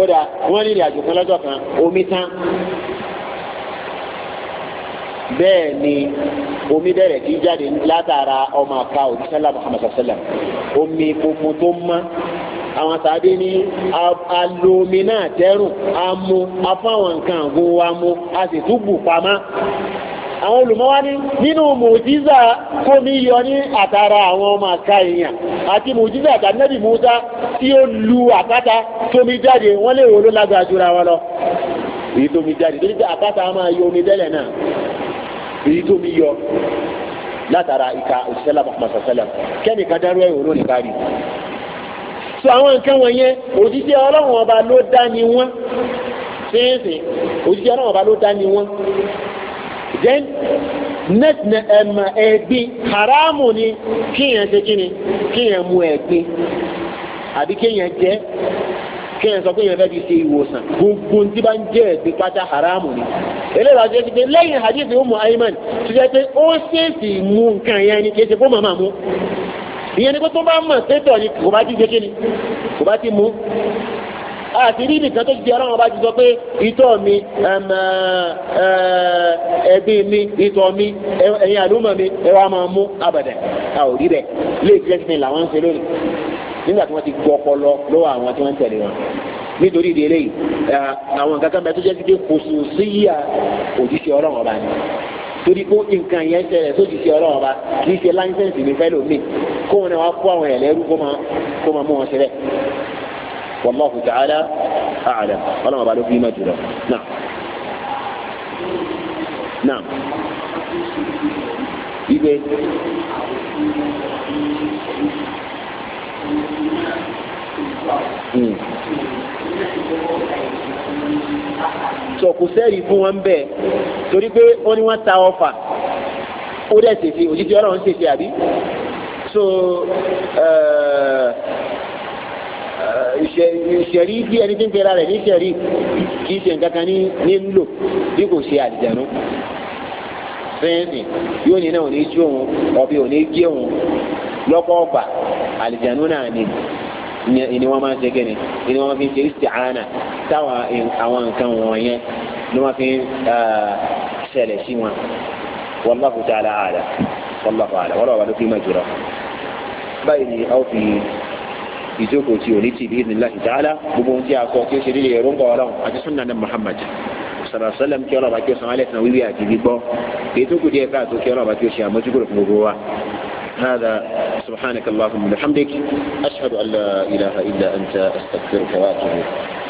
ó dà wọ́n rìnrìn àjò kan lọ́jọ́ kan omi tán bẹ́ẹ̀ ni omi bẹ̀rẹ̀ kí jáde látara ọmọ àka òjísàlá muhammad sallam omi funfun tó mọ́ àwọn sàdé ní alomi náà tẹ́rùn amú afáwọn nǹkan àgbo wa mú a sì tún bù pamọ́ àwọn olùmọ́wá ní nínú mùjíza kó yọ ní àtàrà àwọn ọmọ àká èèyàn àti mùjíza àtànẹ́bì Mùsá tí ó lu àpáta tómi jáde wọ́n lè wò ló lágbàájúra wọn lọ èyí tómi jáde tó ní àpáta máa yọ omi dẹ́lẹ̀ náà èyí tó mi yọ látara ìka òṣìṣẹ́lá mọ̀kànmọ́sá sẹ́lẹ̀ kẹ́ni ká dárú ẹ̀rọ lónìí kárí. so àwọn nǹkan wọ̀nyẹn òjíṣẹ́ ọlọ́run ọba ló dá ni wọ́n fẹ́ẹ́fẹ́ òjíṣẹ́ ọlọ́run ọba ló dá ni wọ́n. then nẹ́tìnà ẹ̀mà ẹ̀gbin haramu ni kíyàn ṣe kíni kíyàn mú ẹ̀gbin àbí kíyàn jẹ́ kí ẹ sọ pé yẹn fẹ́ fi ṣe ìwòsàn gbogbo tí bá ń jẹ́ ẹ̀gbẹ́ pátá haramu ni eléyìí àti ẹ̀sìn pé lẹ́yìn hadith umu ayman tó jẹ́ pé ó ṣèèṣì mú nǹkan yẹn ni kì í ṣe fún màmá mu ìyẹn ni pé tó bá mọ̀ sétọ̀ ni kò bá ti gbé kíni kò bá ti mú àti rí nìkan tó ti di ọlọ́run ọba ti sọ pé ìtọ̀ mi ẹ̀gbin mi ìtọ̀ mi ẹ̀yin àlùmọ̀ mi ẹ máa mú abàdàn a ò rí bẹ́ẹ̀ lè jẹ́ sí nígbà tí wọ́n ti gbọ́ ọpọlọ lọ́wọ́ àwọn tí wọ́n ń tẹ̀lé wọn nítorí ìdí eléyìí àwọn nǹkan kan bẹ tó jẹ́ títí kòsù sí yíya òjíṣẹ́ ọlọ́run ọba ni torí kó nǹkan yẹn ṣẹlẹ̀ sójíṣẹ́ ọlọ́run ọba kì í ṣe láńsẹ̀nsì mi fẹ́ lómi kó wọn wá kó àwọn ẹ̀lẹ́rú kó máa mú wọn ṣẹlẹ̀ wallahu ta'ala a'lam ọlọ́run ọba ló fi mọ̀ jùlọ náà náà ibẹ̀. Hmm. sọ kò sẹ́ẹ̀rì fún wọn bẹ́ẹ̀ torí pé wọ́n ní wọ́n ta ọfà ó dẹ̀ ṣèṣe òjijì ọ̀rọ̀ ń ṣèṣe àbí so eh, ìṣẹ̀rí bí ẹni tí ń pera rẹ̀ ní ìṣẹ̀rí kì í ṣe nǹkan kan ní nílò bí kò ṣe àdìjànú fẹ́ẹ̀sì yóò ní náà ò ní jí òun ọ̀bẹ ò ní gé òun lọ́pọ̀ ọ̀pá àlìjánu náà ni ni wọ́n máa ń ṣe gẹ́ni ni wọ́n fi ń ṣe isti'ana táwọn àwọn nǹkan wọ̀nyẹn ni wọ́n fi ń ṣẹlẹ̀ sí wọn wallahu ta'ala a'lam wallahu a'lam wọ́n lọ́wọ́ bá ló fi máa jùlọ. báyìí ni a ó fi ìjókòó tí ò ní tì bí ìdílé ta'ala gbogbo ohun tí a sọ tí ó ṣe nílé ẹ̀rọ ń bọ̀ ọlọ́run àti sunnah ní Muhammad. sọ̀rọ̀ sọ́lẹ̀m kí ọlọ́ba kí ó san alẹ́ tán wíwí àti gbígbọ́ ètò kù díẹ̀ káàtó kí ọlọ́ba kí ó ṣe àmójúkúrò fún gbogbo wa. هذا سبحانك اللهم وبحمدك أشهد أن لا إله إلا أنت أستغفرك وأتوب إليك